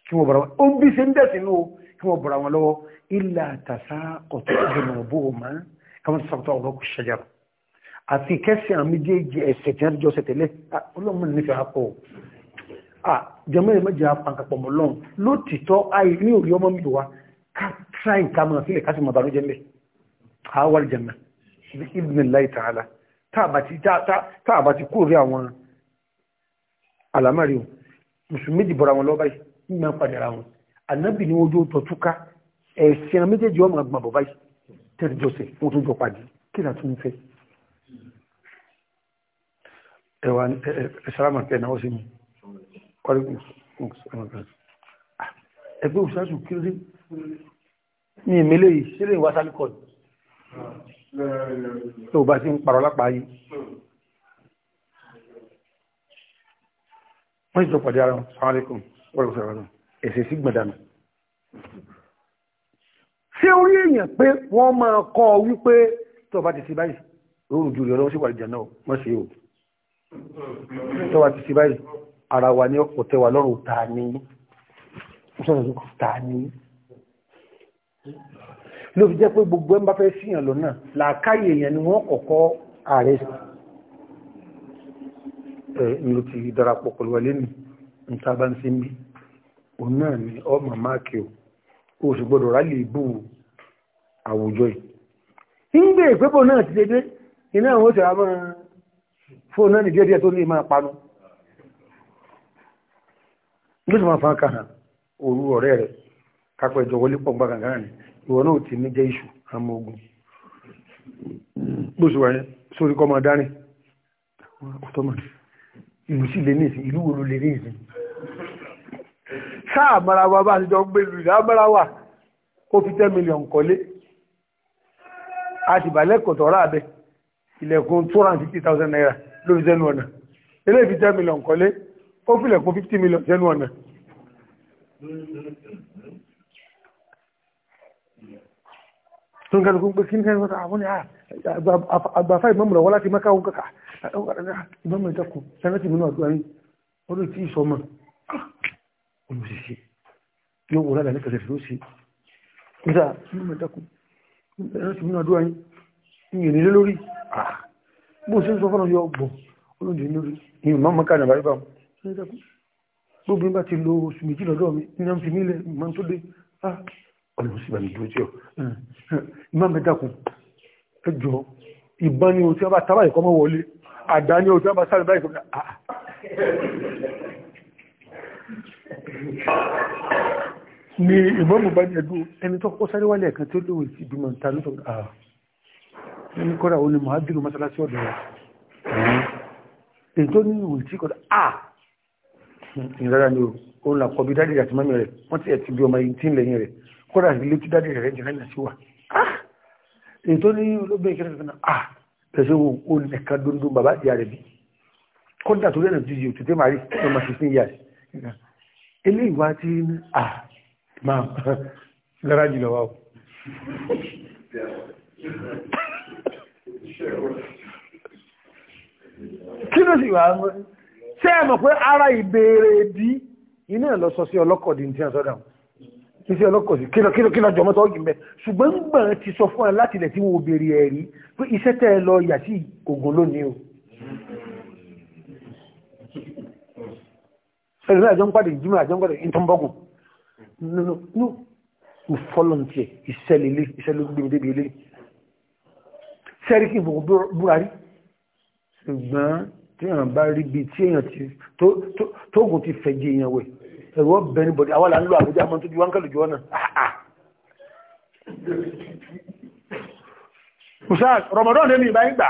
kí wọ́n bọ̀rọ̀ wọn ó ń bí ṣe ń dẹ̀sìn ní o kí wọ́n bọ̀ra wọn lọ́wọ́ ilà tàṣà ọ̀tọ̀ ìgbìmọ̀ bó o máa káwọn ti sọ̀tọ̀ ọ̀rọ̀ kò ṣẹjà àti kẹsì àwọn méjèèjì ẹsẹ̀ tí wọ́n jọ ṣẹ̀ tẹ́lẹ̀ ah, ọlọ́mọ nífẹ̀ẹ́ akọ ah, jẹmọ́ ẹ̀ mẹ́jẹ apankapọ̀ mọ́ lọ́n lótìtọ́ ayé ní òrí ọmọ mi wá ká tíráì ká mọ̀ sílẹ̀ ká sì mọ̀ bàánú jẹ́mẹ́ àwọ̀ jẹ́mẹ́ ibnillahi ta'ala táàbà ti kúrò rí àwọn alámàrí mùsùlùmí dìbọ̀ra wọn lọ́bàá yìí ń mẹ́ padà ra wọn ànábì ní ojú tó túká ẹ̀sìn méjèèjì ọmọ àgbà bàbá yìí tẹ́lẹ̀ jọ́sẹ̀ wọ́n tó jọ pàdé kí là tún fẹ́ ẹwà ẹ̀sáramà pẹ̀ náà sí mi ẹgbẹ́ òṣìṣàṣù kí ló dé ní ìmẹ́lẹ̀ yìí sílẹ̀ ìwà sálíkọ̀ tó bá sí ń parọ́ lápá yìí wọ́n ìjọ pàdé ara ẹ̀sẹ̀ sí gbọ̀dànù ṣé orí èèyàn pé wọ́n máa kọ́ ọ wípé tó bá ti sí báyìí lóòrùn jù lọ́wọ́ sí wàlìjà náà wọ́n ṣe o tó bá ti sí báyìí ara wa ní ọ̀pọ̀ tẹwà lọ́rùn ta ni ló ti darapọ̀ pẹ̀lú ẹlẹ́nu ń tá a òun náà ni ọmọ máàkì o o sì gbọdọ̀ rálì ìbú àwùjọ yìí ń gbé ìpépò náà ti dédé iná àwọn òṣèrà máa fóònù náà ní díẹ̀díẹ̀ tó ní máa panu ló sì máa fa kàhàn òru ọ̀rẹ́ rẹ̀ kápẹ́ ìjọ wọlé pọ̀ ni ìwọ náà ti ní jẹ́ iṣu àmọ́ ogun bó sì wáyé káàmára wa bá ti jọ gbé lu ìdámára wa ó fi ten million kọ́lé a sì bá lẹ́kọ̀ọ́ tọ́ra abẹ ilẹ̀kùn two hundred and fifty thousand naira ló fi sẹ́nu ọ̀nà eléyìí fi ten million kọ́lé ó fi ilẹ̀kùn fifty million sẹ́nu ọ̀nà. tun ga kun kin kan wata abu ne ba fa imamu da wala ti maka wuka imamu ta ku sanati minu addu'a ni wani ti so man olùsìsì yóò wọ́n rádà ní kẹsẹ̀ fìlú sí nígbà tí wọ́n mẹ́takù ẹ̀rọ sí múnà dúwáyé ìyìn nílé lórí bó ṣe ń sọ fọ́nà yọ ọgbọ̀n olóòjì lórí ìyìn máa mọ́kà nàbàrí bá gbogbo bá ti lo oṣù méjì lọ́dọ̀ mi ní àmì nílẹ̀ ìmọ̀ tó dé ọ̀nà òsì bàmí dúró tí ọ ìmọ̀ mẹ́takù ẹjọ́ ìbọn ni o tí wọ́n bá tábà ìkọ́mọ́ wọlé àdá ni o tí wọ́n bá sáré báyìí ni ìmọ̀mù bá ní ẹdú ẹni tó kó sáré wálẹ̀ kan tí ó léwu sí ìbímọ ta ló sọ̀rọ̀ àà ẹni kọ́ra òun ni mọ̀hábìrì mọ́sálásí ọ̀dọ̀ rẹ̀ èyí tó ní ìwò tí kọ́ra à ìrara ni ó ń lakọ bí dáàdì àti mọ́mí rẹ̀ wọ́n ti ẹ̀tì bí ọmọ yìí tí ń lẹ́yìn rẹ̀ kọ́ra ilé tí dáàdì rẹ̀ jẹ́ náà sí wa èyí tó ní olóògbé ìkẹ́rẹ́ fẹ́ náà à pẹ̀sẹ̀ wo ó nìkan dundun bàbá ìyá rẹ̀ bí ilé ìwà tí à máa lára jùlọ wà kí ló sì wà ṣe ẹ̀mọ̀ pé ara ìbéèrè bí iná lọ sọ sí ọlọ́kọ̀dì tí a sọ́dá kí sí ọlọ́kọ̀dì kílọ̀ jọmọ́ tó yìí mẹ́ ṣùgbọ́n gbọ́n ti sọ fún ẹ láti lẹ̀ tí wọ́n béèrè ẹ̀rí pé iṣẹ́ tẹ́ lọ yà sí ògùn lónìí ẹ̀rọ náà jọ́n pàdé ìjímọ̀ àjọ́n pàdé ìtọ́nbọ́gùn nínú ìfọ́lọ́ntì ìṣẹ́lélé ìṣẹ́lélógbèmídébí ilé sẹ́ríkì ìbùkún búrarí ṣùgbọ́n tí èèyàn bá rí bí tí èèyàn ti tóògùn ti fẹ̀jẹ̀ èèyàn wẹ̀ ẹ̀rọ bẹni bọ̀dẹ̀ àwọn là ń lo àbújá mọ́ tó ju wọn kẹ́lù jù ọ́nà usas Ramadan lè mi ìbá ń gbà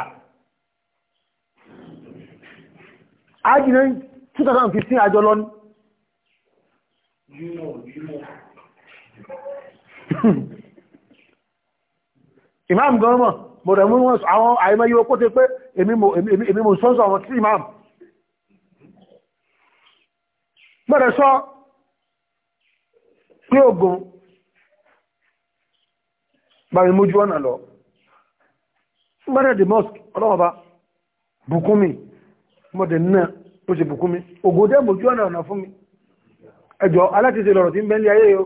á jìnnà 2015 àjọ lọ ní imam gọ́ọ̀mọ̀ mo rẹ̀ mú àwọn àìmọ́ yíò kó ti pé èmi mo sọ́sọ́ àwọn tí imam mẹ́rẹ̀ sọ pé ogun bàmí mójú ọ̀nà lọ mẹ́rẹ̀ the mosque ọlọ́wọ́ bá bùkúnmi mọ́dẹ̀ náà bó ṣe bùkún mi ògòdé mojú ọ̀nà ọ̀nà fún mi ẹjọ́ alátìsẹ̀ lọ̀rọ̀ tí ń bẹ́ńlẹ̀ ayé yóò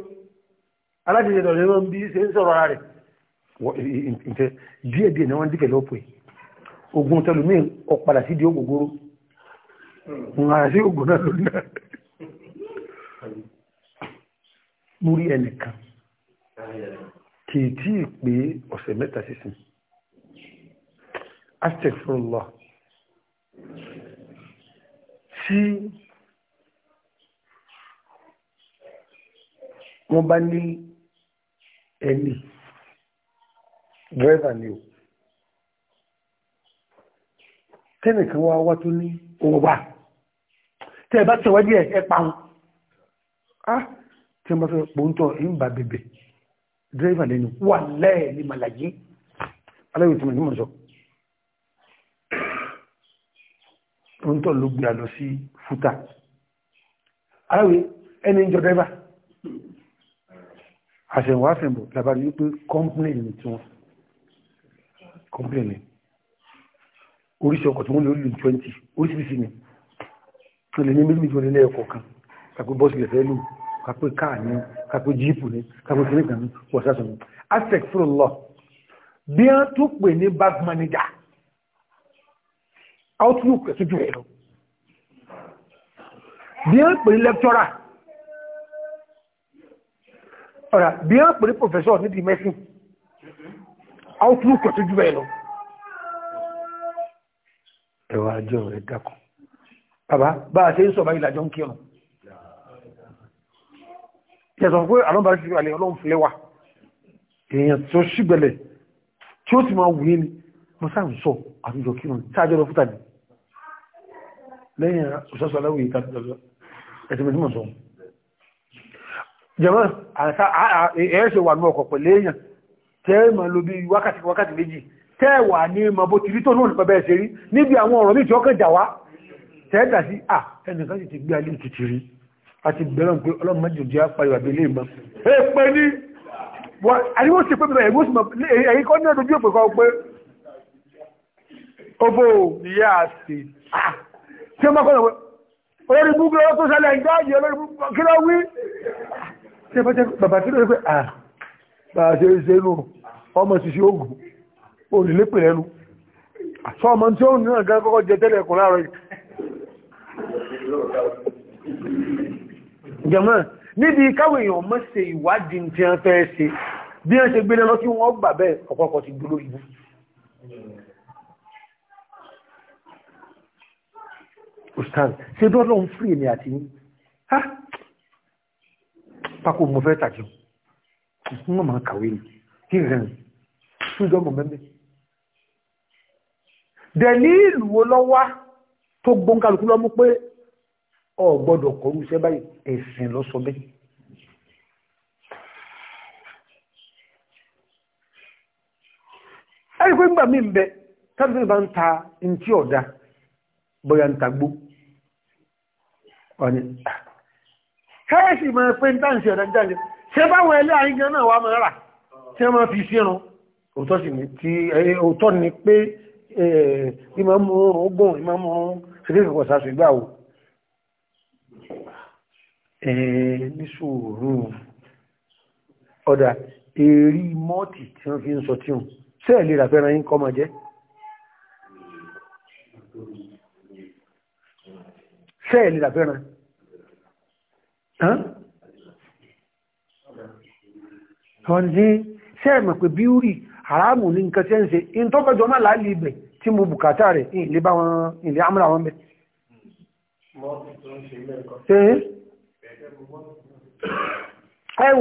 alátìsẹ̀ lọ̀rọ̀ ló ń bí ṣe ń sọ̀rọ̀ rẹ̀ ǹtẹ́ díẹ̀ díẹ̀ ni wọ́n dìkẹ̀ lọ́pọ̀ yìí ogun tẹlumi ọ̀padà sí di ògógóró ńlára sí ògùn náà lónìí náà mú rí ẹnìkan kì í tí ì pé ọ̀sẹ̀ mẹ́ta sísìn tí wọ́n bá ní ẹni dírẹ́bà ni o tẹ́nìkan wá wá tó ní ohun wà tẹ́ ẹ bá tẹ̀wádìí ẹ̀ ẹ pàun á tí wọ́n bá fẹ́ pòóntọ̀ ìgbà bèbè dírẹ́bà lẹ́nu wà lẹ́ẹ̀ ní màlàyé aláyòtí mọ̀ ní mọ̀ sọ tó ń tọ̀ ló gbé àlọ́ sí fúta aláwẹ̀ ẹni ìjọ dẹ́bà àṣẹ̀wọ̀ àṣẹ̀bọ̀ labari wípé kọ́mpínì ni tí wọ́n kọ́mpínì ni oríṣi ọkọ̀ tí wọ́n lè lù 20 oríṣiríṣi ni tó lè ní mílíọ̀nù ìjọ nílẹ̀ ẹ̀kọ́ kan kàpé bọ́ọ̀sì lè fẹ́ lù kàpé káà ni kàpé jíìpù ni ni wọ́n manager outlook ẹ̀ tójú ẹ̀ lọ bí wọ́n pè ní lecturer ọ̀rà bí wọ́n pè ní professor nídìí mẹ́sìn outlook ẹ̀ tójú ẹ̀ lọ ẹwà àjọ rẹ̀ dákùn bàbá bá a ṣe ń sọ báyìí làjọ ń kírun yẹ̀sọ̀ pé àlọ́bàá ṣe àlẹ́ ọlọ́run fìlẹ́wà èèyàn tó ṣígbẹ̀lẹ̀ tí ó ti máa wù ní ni mo sáà ń sọ àtúnjọ kírun sáájọ́ lọ fútàdì lẹ́yìn òṣọ́sọ́ aláwọ̀ ìta ẹ̀tìmẹ̀tìmọ̀ sọ jẹ́mọ́ ẹ̀ẹ́ṣẹ̀ wà ní ọkọ̀ pẹ̀lẹ́ èèyàn tẹ́ẹ̀mà ló bí wákàtí wákàtí méjì tẹ́ẹ̀wà ní ma bó ti rí tó náà pẹ̀bẹ̀ ṣe rí níbi àwọn ọ̀rọ̀ mí tí ọkàn jà wá tẹ́ẹ̀dà sí à ẹnìkan sì ti gbé alé títí rí àti bẹ̀rẹ̀ pé ọlọ́run mẹ́jọ jẹ́ apariwo àbẹ̀lẹ̀ ìmọ̀ ẹ pẹ́ ní àríwó sì pé bẹ̀rẹ̀ ẹ̀gbọ́n sì mọ̀ ẹ̀yìn kan náà dojú òpè ah tí ó mọ́kànlá wẹ́ olórí búkú lọ́wọ́ tó sálẹ̀ ìjáàjì olórí búkú kí lọ wí tí ó fẹ́ bàbá tí ó rí pé à bàbá tí ó ṣe inú ọmọ ṣiṣẹ́ ogun òrìlé pè lẹ́nu àṣọ ọmọ tí ó nìyàn gan kọ́kọ́ jẹ tẹ́lẹ̀ ẹ̀kùn láàárọ̀ yìí jẹ̀mọ́ níbi káwé èèyàn mọ́ ṣe ìwádìí tí wọ́n fẹ́ ṣe bí wọ́n ṣe gbé lọ kí wọ́n gbà bẹ́ẹ̀ ustaz ṣe bí ọlọ́run fún èmi àti yín ha pákó mo fẹ́ tàjú wọ́n máa kàwé ni kí n rẹ̀ fún ìjọba mẹ́mẹ́ dẹ̀líìlù wo lọ́wọ́ tó gbóǹkàlùkù lọ́mú pé o gbọ́dọ̀ kọrú iṣẹ́ báyìí ẹ̀sìn lọ sọ bẹ́ẹ̀ ẹ̀rí pé ń gbà mí ń bẹ tábìlì bá ń ta ntí ọ̀dà bóyá ń ta ọ̀nì ah, kẹ́ẹ̀sì mọ̀ pé ń tàǹsì ọ̀dá ń jáde ṣe báwọn ẹlẹ́ àríjẹ náà wà mọ́ rà tí wọ́n fi sírun òótọ́ ni pé ìmọ̀mù ogun ìmọ̀mù ṣẹ́kẹ́kẹ́ kọ̀ sásù ìgbà o ní sùúrù ọ̀dà èrí mọ́ọ̀tì tí wọ́n fi ń sọ tí wọ́n sẹ́ẹ̀ lè ràfẹ́ràn ọ̀nzí sẹ́ẹ̀mọ̀ pé bíúrì haramu ní nǹkan tí ẹ ń ṣe in tó bẹjọ máa láàlì ibẹ̀ tí mo bùkátà rẹ̀ ilé bá wọn ilé amúra wọn bẹ̀ ẹ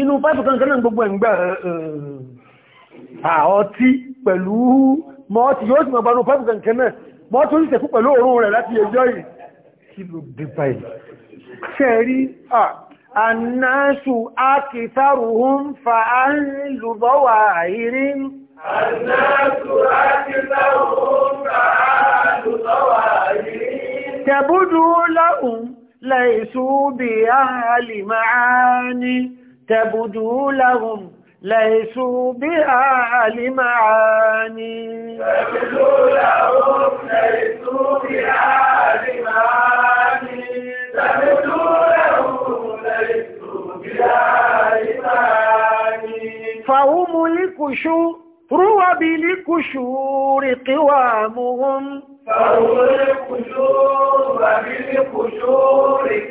inú pẹ́pù kankan náà gbogbo ẹ̀ngbẹ̀ ọtí pẹ̀lú mọ́ọ̀tí yóò ti mọ̀gbọ́nú pẹ́pù kankan náà mọ́ọ̀tí ó ṣẹ̀rí ànásù ákìtàrùhún fa àìlùbọ́wà àìrí ànásù ákìtàrùhún fa àìlùbọ́wà àìrí tẹ̀búdú láhùn lẹ́ìsú bí áhàlì máa ní tẹ̀búdú láhùn ليسوا بها لمعان فبذولهم ليسوا بها لمعان فهم الكشو روى بالكشور قوامهم فهم الكشور بالكشور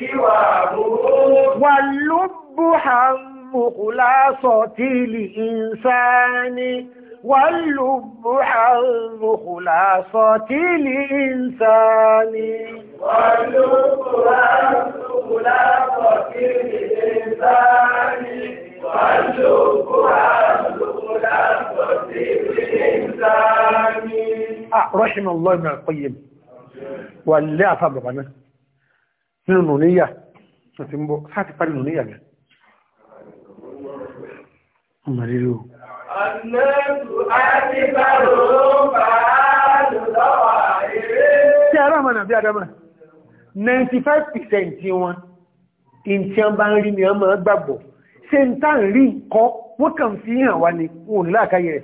قوامهم واللب هم خلاصة الإنسان واللب حظ خلاصة الإنسان واللب حظ واللب حظ ah, رحم الله ابن القيم ولا فضل أنا من níyà tó ti الله bọ́ Tí ara mọ̀ nàbí Adama, 95% wọn, in tí a bá ń rí ni a máa gbàgbọ́, ṣe ń tàn rí kọ́, wọ́n kàn fi hàn wá ní òun láàkáyẹ̀ rẹ̀.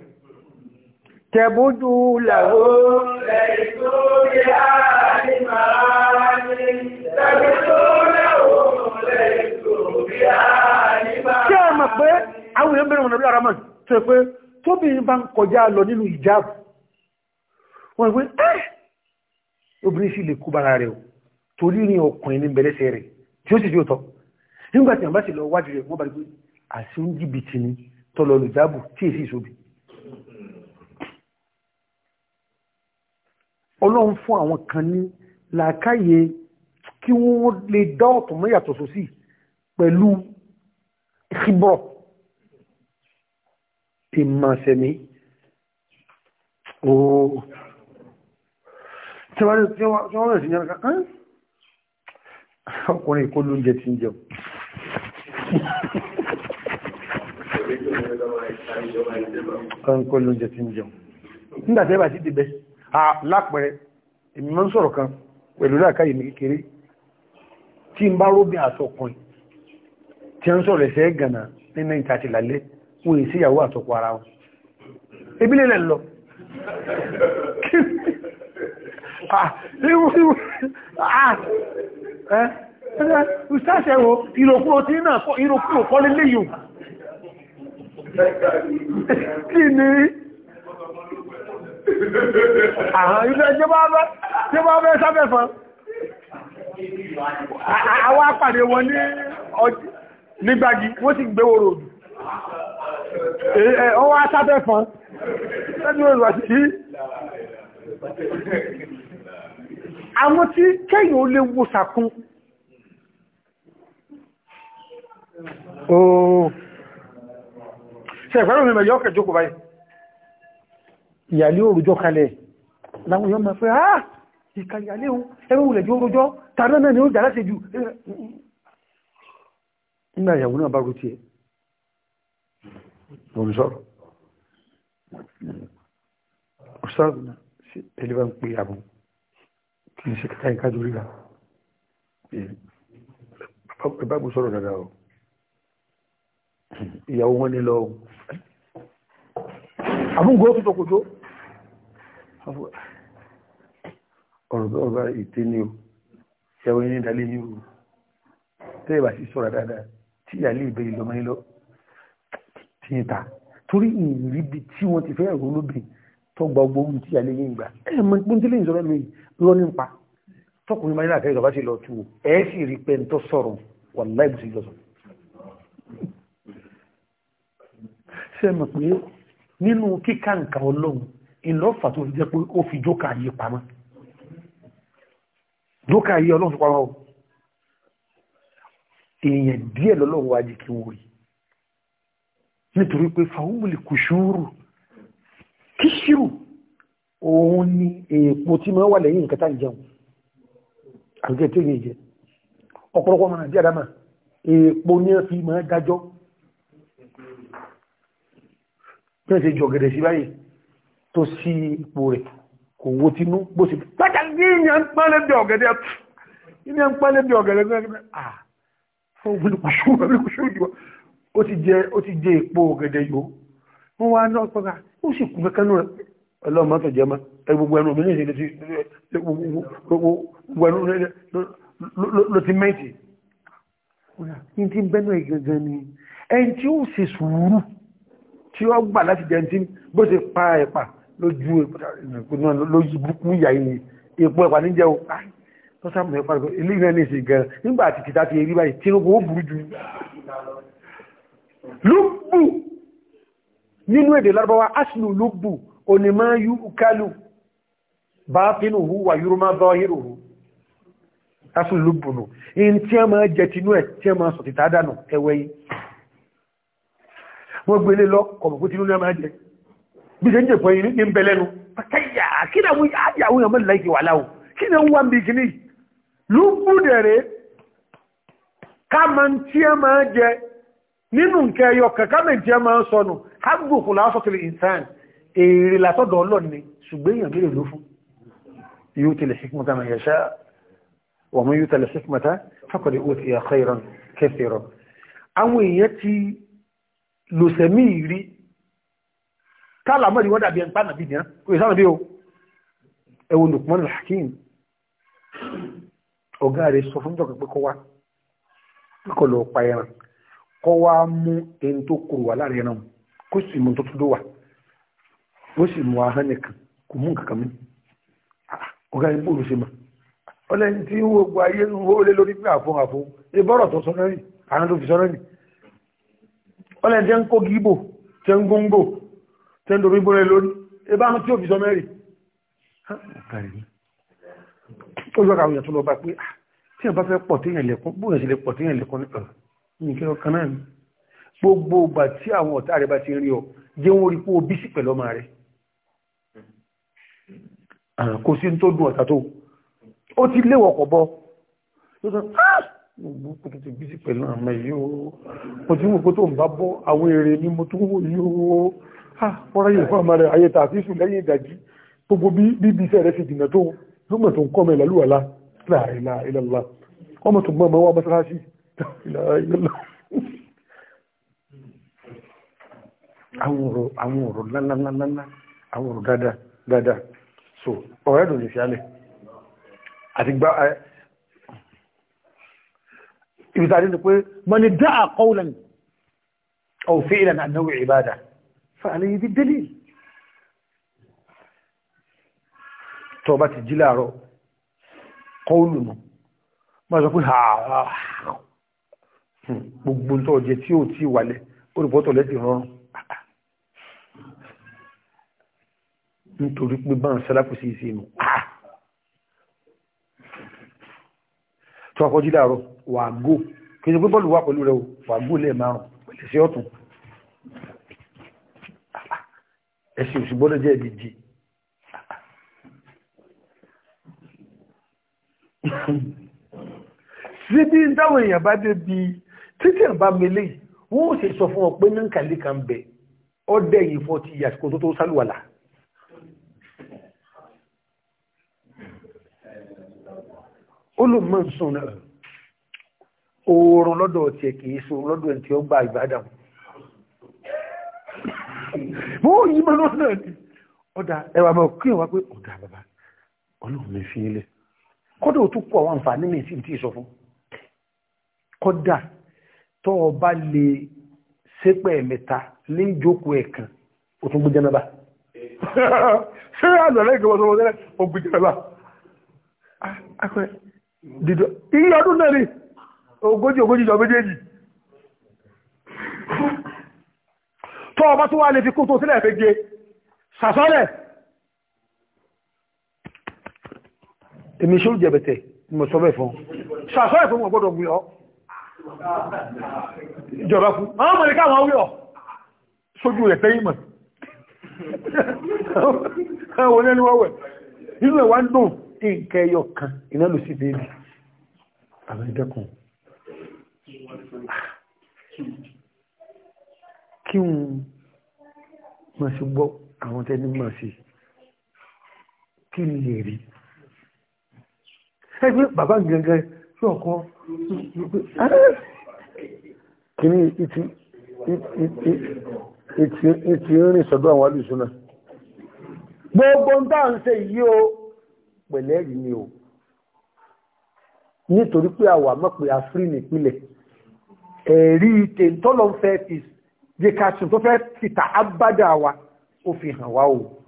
Tẹ̀bójú làwó rẹ̀ tó yẹ àárín máa ní, tẹ̀bójú làwó rẹ̀ tó yẹ àárín máa ní. Ṣé ẹ mọ̀ pé tó pé tóbìnrin bá ń kọjá lọ nínú ìjáàbù wọ́n ń pẹ́ ẹ́ obìnrin sì lè kú bára rẹ̀ o torí ní ọkùnrin ní bẹ̀lẹ́sẹ̀ rẹ̀ tí ó sì yóò tọ́ nígbà tí wọ́n lọ wájú rẹ̀ wọ́n bá rí ni tọ́lọ lùjáàbù tí èsì ìṣòbí ọlọ́run fún àwọn kan ní làákàyè kí wọ́n lè pẹ̀lú ìṣíbọ̀rọ̀ tí máa sẹ́mi ooo tí wọ́n rẹ̀ sí ní ọ̀rọ̀ kan ọkùnrin kó ló ń jẹ ti ń jẹun ọkùnrin kó ló ń jẹ ti ń jẹun nígbàtí ẹbà sí ti bẹ́ lápẹẹrẹ èmi mọ́ ń sọ̀rọ̀ kan pẹ̀lú láàkáyè mi kékeré tí ń bá róbin àtọkùnrin tí wọ́n èsí ìyàwó àtọ́kọ ara wọn ebílẹ̀ lẹ́ lọ ìsáṣẹ́wò ah, ah, eh, eh, ìròkúrò tí náà ìròkúrò kọ́ lélé yìí kí ni àwọn ìfẹ́ jẹba bẹ́ sábẹ́ fún àwọn apàdé wọn ní nígbàgí wọ́n ti gbé oròdù ó wá sábẹ́ fún lẹ́nu ìrọ̀ sí àwọn tí kẹ́yìn ó lè wo sàkún ooo ṣe ìfẹ́rún mi mẹ́yọ́ kẹjọ́kù báyìí ìyàlé òrùjọ́ kalẹ̀ láwọn yọ́ mẹ́ pé àà ìkà ìyàlé ohun ẹgbẹ́ òlẹ̀ jọ òrùjọ́ tààrẹ́ náà ni ó jà láti jù nígbà ìyàwó náà bá rú ti ẹ̀ mo lè sọ̀rọ̀ ọ̀sáàdù ele vai tẹ́lẹ̀ bá ń pè àbò kí n ṣe kíkà yìí kájú rí o ẹ bá bù sọ̀rọ̀ dáadáa o ìyàwó wọn ni lọ àbúgbò tó tó kojú ọ̀rọ̀ bá ìtẹ́ ni o ìyàwó yẹn ní ìdálé yìí o tẹ́lẹ̀ bá sì sọ̀rọ̀ dáadáa tí ìyàlẹ́ ìbẹ̀rẹ̀ lọ́mọ yìí lọ́wọ́ tí ń ta torí ìríbi tí wọ́n ti fẹ́ ẹ̀rọ olóbìn tó gba ọgbọ́ ohun tí alẹ́ yìí gbà ẹ̀ mọ̀ pé nílé ìṣọ́rọ̀ mi lọ ní pa tọkùnrin máa ní àfẹ́ ìjọba sí lọ tu o ẹ̀ sì rí pé ń tọ́ sọ̀rọ̀ wà láì bùsí lọ́sọ̀ ṣe mọ̀ pé nínú kíkà nǹkan ọlọ́run ìlọ́fà tó fi jẹ́ pé ó fi jókà yí pamọ́ jókà yí ọlọ́run fi pamọ́ o èèyàn díẹ̀ lọ́lọ́run wájú kí wọ́n rí nítorí pé fàúmùlì kùsùrù kíṣírù òun ni èèpo tí mọ́ wà lẹ́yìn ìkẹta ìjẹun àgbẹ̀ tí èyí jẹ ọ̀pọ̀lọpọ̀ mọ̀nà bí àdámà èèpo ní fi mọ́ dájọ́ bí ẹ̀sẹ̀ jọ gẹ̀dẹ̀ sí báyìí tó sí ipò rẹ̀ kò wó tinú bó sì ah, pàtàkì ó ti jẹ ó ti jẹ èpo ọ̀gẹ̀dẹ̀ yòó wọ́n wá náà pọ́gà ó sì kú kankan náà ọlọ́mọ tó jẹ mọ́ ẹ gbogbo ẹnu mi ní ìṣẹ̀lẹ̀ ti gbogbo ẹnu ló ti mẹ́tì ní ti bẹ́nu ẹ̀ gangan ni ẹni tí ó ṣe sùúrù tí ó gbà láti jẹ ti bó ṣe pa ẹ̀pà lójú lójú burúkú ìyá yìí èpo ẹ̀pà níjẹ́ o tó sáà mọ̀ ẹ̀pà ilé ìrìn ẹ̀sìn gan nígbà àti tìta ti rí báyìí tí ó burú jù lúbù nínú èdè lárúbáwá aṣìlú lúbù onímọ̀ yúkálù bá fínú hu wà yúrú máa zọ́hírù hu aṣìlú lúbù nù in tí a máa jẹ tinú ẹ̀ tí a máa sọ títà dànù ẹwẹ́ yìí wọ́n gbélé lọ kọ̀mọ̀kú tinú ní a máa jẹ bí ṣe ń jẹ ká máa tí a máa jẹ nínú nkẹ ẹyọ kẹkàmẹ̀ntì ẹ máa ń sọnù hágbùkù lásọ̀tìlì ìtàn èrè látọ̀dọ̀ ọlọ́ni ṣùgbọ́n èèyàn mélòó ló fún yóò tẹ̀lé hikmata man yasha wa man yuta al-hikmata faqad utiya khayran kathira àwọn èèyàn ti lòsẹ̀mí ìrí kọ́ wá mú ẹni tó kúrò wà láàrin ẹran kó sì mú tó tó wà ó sì mú ahọ́n nìkan kò mú nǹkan kan mú ah, ọ̀gá yìí bóòlù ṣe mọ́ ọlẹ́yìn tí gbogbo ayé ń hó lé lórí pé àfún àfún ìbọ̀rọ̀ tó sọ lẹ́yìn àwọn tó fi sọ lẹ́yìn ọlẹ́yìn tí ń kó gíbò tí ń góńgò tí ń domi gbóná lórí ìbámu tí ò fi sọ mẹ́rin ah, ó yọ àwọn èèyàn tó lọ bá pé ah, tí èèyàn bá fẹ́ pọ̀ tí èèyàn lẹ́kún bóyá ṣe lè pọ̀ tí èèyàn lẹ́kún nípa nìkan ọkàn náà ni gbogbo ìgbà tí àwọn ọ̀tá rẹ̀ bá ti rí ọ jẹ́ wọ́n rí pé o bí sí pẹ̀lú ọmọ rẹ̀ kò sí tó dùn ọ̀tá tó ó ti léwọ̀ ọkọ̀ bọ́ ló sọ gbogbo kò ti bí sí o mo ti o wọ́n ráyè fún àmọ́ rẹ̀ ayé tààfí sùn lẹ́yìn ìdajì gbogbo bíbí iṣẹ́ rẹ̀ ti dìnà tó lọ́gbọ̀n tó ń kọ́ mẹ́lẹ̀ lúwàlá láàrin láàrin lọ́la ọmọ tó mọ́ ọmọ wa àwọn ọ̀rọ̀ àwọn ọ̀rọ̀ lánàánà àwọn ọ̀rọ̀ dáadáa dáadáa so ọ̀rẹ́ ìdòlè fi alẹ̀ àti gbá ibi tàbí ni pé mọ́ ni dá àkọ́wùlẹ̀ aw fi'lan annahu ìbádà fa'alayhi bi dalil tó bá ti jí láàárọ̀ kọ́wùlù mọ́ gbogbo tó ọjẹ tí ò tí wàlẹ̀ olùbọ́tọ̀ lẹ́tì rọrùn nítorí pé báwọn sálàpù sí ìsìn nù tó akọ́jú dàrọ wà gò kí ni pé wà pẹ̀lú rẹ wà gò lẹ́ẹ̀ márùn pẹ̀lẹ̀ sí ọ̀tún ẹ̀sìn òṣùgbọ́dọ̀ jẹ́ ìdíje síbi táwọn èèyàn bá dé bíi títí àbá mele wọn ò sì sọ fún ọ pé ní nkàlí kan bẹ ọdẹ yìí fọ ti yàtọ̀ tó tó sálùwàlà. olùmọ̀ sùn náà oorun lọ́dọ̀ tiẹ̀ kìí so lọ́dọ̀ ẹ̀ tí ó gba ìbádàn bó yí mọ́ lọ́dọ̀ ẹ̀ ọ̀dà ẹwà mọ́ kí wá pé ọ̀dà bàbá ọlọ́run mi fi ilẹ̀ kọ́dọ̀ tó kọ àwọn àǹfààní mi sí ti sọ fún kọ́dà tó o bá lè sépè mẹ́ta ní ìjókòó ẹ̀kan o tún gbójẹ́ náà bá ṣé àdàlẹ́ ìgbà tó wọlé o gbójẹ́ náà bá akọ̀ẹ́ dídọ̀ iye ọdún náà ni ogójì ogójì jọ méjèèjì tó o bá tó wà lè fi kún tó sílẹ̀ fẹ́ gé sàsọ́lẹ̀ èmi ṣe ó jẹ̀bẹ̀tẹ̀ mo sọ bẹ́ẹ̀ fún sàsọ́lẹ̀ fún ọgbọ́dọ̀ gbìyànjú ìjọba kú àwọn ọmọ ìrìká àwọn wíọ̀ sójú rẹ̀ tẹ́yìn mọ̀ àwọn onẹ́nu ọwẹ̀ inú ẹ̀wà ń dùn nǹkẹ́ ẹyọ kan iná ló sì débi àwọn ìdẹ́kùn kí n mọ̀ sí gbọ́ àwọn tẹ́ni mọ̀ sí kí n lè rí ẹgbẹ́ bàbá gangan tí ọkọ kìíní ìtì rìn sọ́dọ̀ àwọn alùsùnà gbogbo ń dáa ń ṣe yí o pẹ̀lẹ́ yìí ni o nítorí pé àwa mọ̀ pé afrí nípìnlẹ̀ ẹ̀rí tèntọ́lọ́ fẹ́ fi jẹ́ka sùn tó fẹ́ fìtà abájá wa ó fi hàn wá o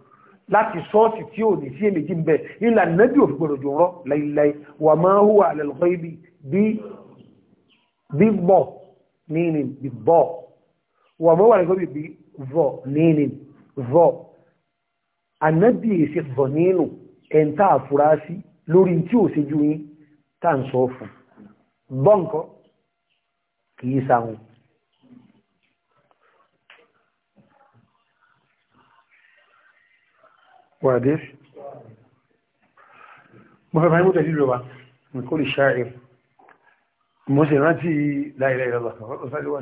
láti sọ́ọ̀sì tí ò ní sí èméjì ń bẹ̀ ilà nàbí òfin gbọdọ̀ jù rọ́ láìláì wà máa ń hùwà àlẹ́lùkọ́ ibi bí bọ̀ nínú bí bọ̀ wà máa wà lẹ́kọ́ bí vọ̀ nínú vọ̀ ànábì èsì vọ̀ nínú ẹ̀ǹtà àfúrásì lórí tí ò ṣejú yín tá à ń sọ fún bọ́ǹkọ́ kì í sáwọn واضح mo fẹ́ fàyín mú tẹ̀sí ìjọba nìkó lè ṣáàrẹ̀ mo sì rántí láìláìlọ́lọ́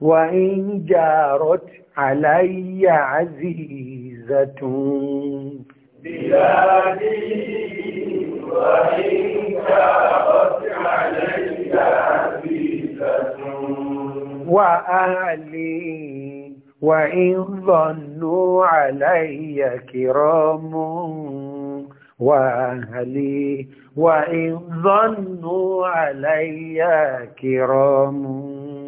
وإن جارت علي عزيزة بلادي وإن جارت علي عزيزة وأهلي وإن ظنوا علي كرام وأهلي وإن ظنوا علي كرام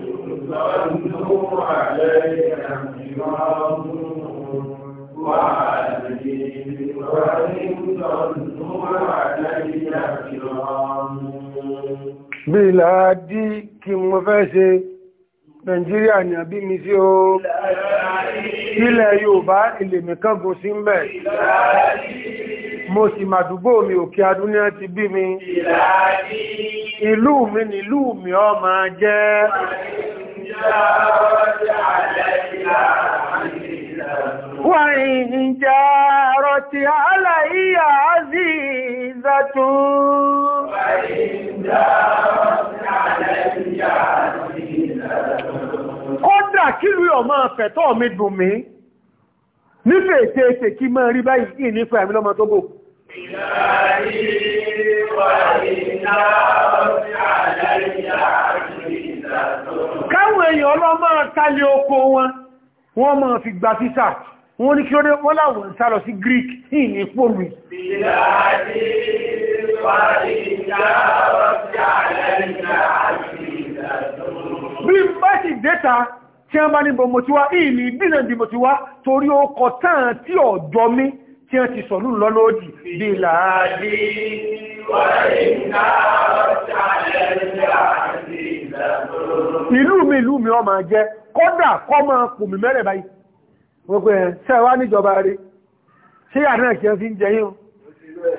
يظل عليك حرام وعليك ويظل عليك حرام Bíláàdí kí mo fẹ́ ṣe, Nàìjíríà ni àbí mi sí o. Ilẹ̀ Yorùbá ìlèmì kan gùn sí ń bẹ̀. Mo sì màdúgbò mi òkè adúníà ti bí mi. Ìlú mi ni mi ọ máa jẹ́. وإن جارت علي عزيزة Kọ́dà kí lú ọmọ fẹ̀tọ́ mi dùn mí, nífẹ̀ ètè ètè kí máa rí báyìí kí nífẹ̀ àmì lọ́mọ tó bò. Ìlàrí wà ìlàrí àlàrí èèyàn ọlọ́mọ tálẹ̀ oko wọn wọ́n máa fi gba títà wọ́n ní kí ó dé wọ́n láwọn ń sí Greek ìní pòlù bí bá sì dẹ́ta tí wọ́n bá ní bọ̀ ìní bí náà di torí ó kọ̀ tán tí ọ̀jọ́ mi tí wọ́n ti sọ̀lú lọ́lọ́dì bí láàájí ìlú mi ìlú mi ọmọ jẹ́ kọ́dà kọ́ máa kò mì mẹ́rẹ̀ báyìí gbogbo ẹ̀ sẹ́wà níjọba rí ṣe àríyàn kí wọ́n fi ń jẹ yíò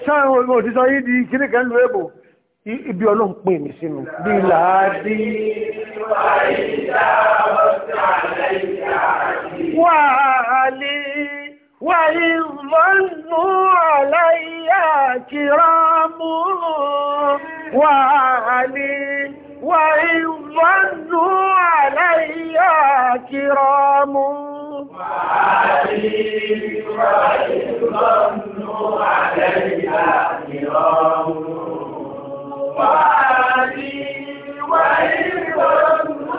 sáàrùn ogun òtítọ́ yìí di ibi ọlọ́run pè mí sínú bí láàájí wà á lè وإذ ظنوا علي كرام وعلي وإذ ظنوا علي كرام وعلي وإذ ظنوا علي كرام وعلي وإذ ظنوا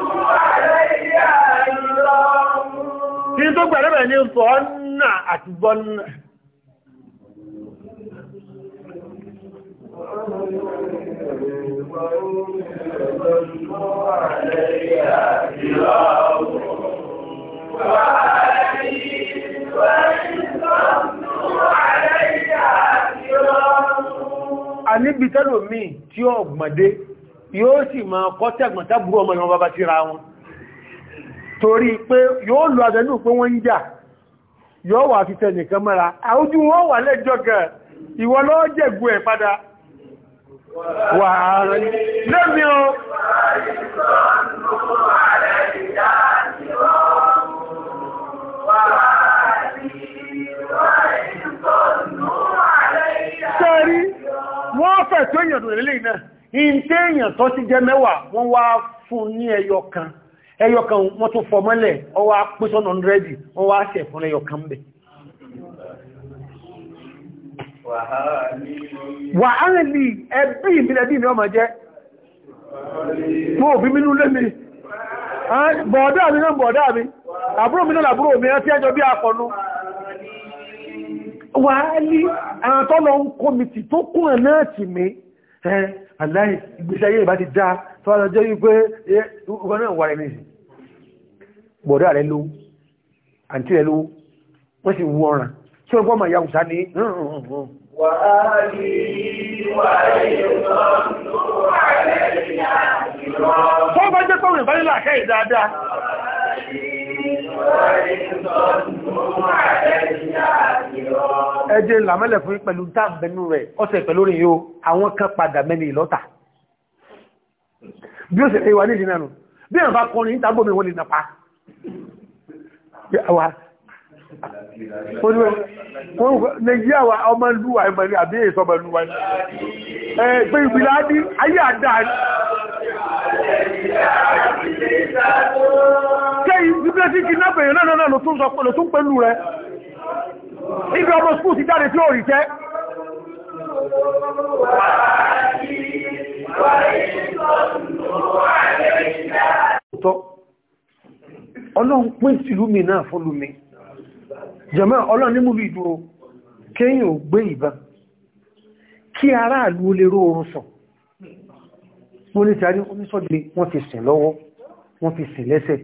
علي كرام zọ́nà àti zọ́nà Àníbi tẹ́lò míì tí ó gbọ̀dé yóò sì máa kọ́ tẹ́gbọ̀n tábúrú ọmọ ìwọ̀n bàbá síra wọn. Torí pé yóò lọ àdẹ́nù pé wọ́n ń jà yóò wà fi tẹnìkan mọ́ra àwójú wọn wà lẹ́jọ́ gan ìwọ ló jẹ̀gbù ẹ̀ padà wà ààrẹ wọ́n fẹ̀ tó èèyàn tó lè lè tó ti jẹ mẹ́wàá wọ́n wá fún ní ẹyọ kan kan! wọ́n tún fọ mọ́lẹ̀ ọwá pẹ́sọ́nà ọ̀nrẹ́dì wọ́n wá ṣẹ̀ fún ẹyọkan bẹ̀. wà á rìn lè ẹbí ìmìnàbí ni ọmọ jẹ́ mú òbí mi lúlé mi bọ̀ọ̀dá mi náà bọ̀ọ̀dá mi àbúrò mi náà àbúrò mi rántí ẹjọ́ bí akọ̀nú wà á ní àwọn tọ́lọ ń kọ́ mi ti tó kún ẹ̀ náà tì mí ẹ̀ aláì ìgbésí ayé ìbá ti dáa tó wá lọ jẹ́ wípé ọgbọ́n náà wà rẹ̀ ní ìsìn bọ̀dá rẹ̀ lówó àǹtí rẹ̀ lówó wọ́n sì wú ọ̀ràn tí wọ́n gbọ́ ma yàwùsá ní tó bá jẹ́ pọ̀wọ̀n ìbálẹ̀ láàkẹ́ ìdáadáa ẹjẹ́ làmẹ́lẹ̀ fún pẹ̀lú dáàbẹ̀nú rẹ̀ ọ̀sẹ̀ pẹ̀lú rí yóò àwọn kan padà mẹ́ni ìlọ́ta bí ó sì fẹ́ wà ní ìdínà nù bí àwọn bá kọrin níta gbómi wọ́n lè nà pa nàìjíríà wa ọmọ lúwà ìmọ̀lẹ̀ àbí èso ọmọ lúwà pé ìbìlá ní ayé àdá kẹ́ ìbílẹ̀ sí kí náà bèèrè náà lọ tún pẹ̀lú rẹ̀ ibi ọmọ skúù ti jáde tí ó rí tẹ́ tọ́ ọlọ́run pé sílú mi náà fọ́lú mi jàmá ọlọ́run nímúlù ìdúró kéyìn ò gbé ìbọn kí aráàlú olè ró oorun sàn mo ní tàrí oníṣọ́dé wọ́n ti sìn lọ́wọ́ wọ́n ti sìn lẹ́sẹ̀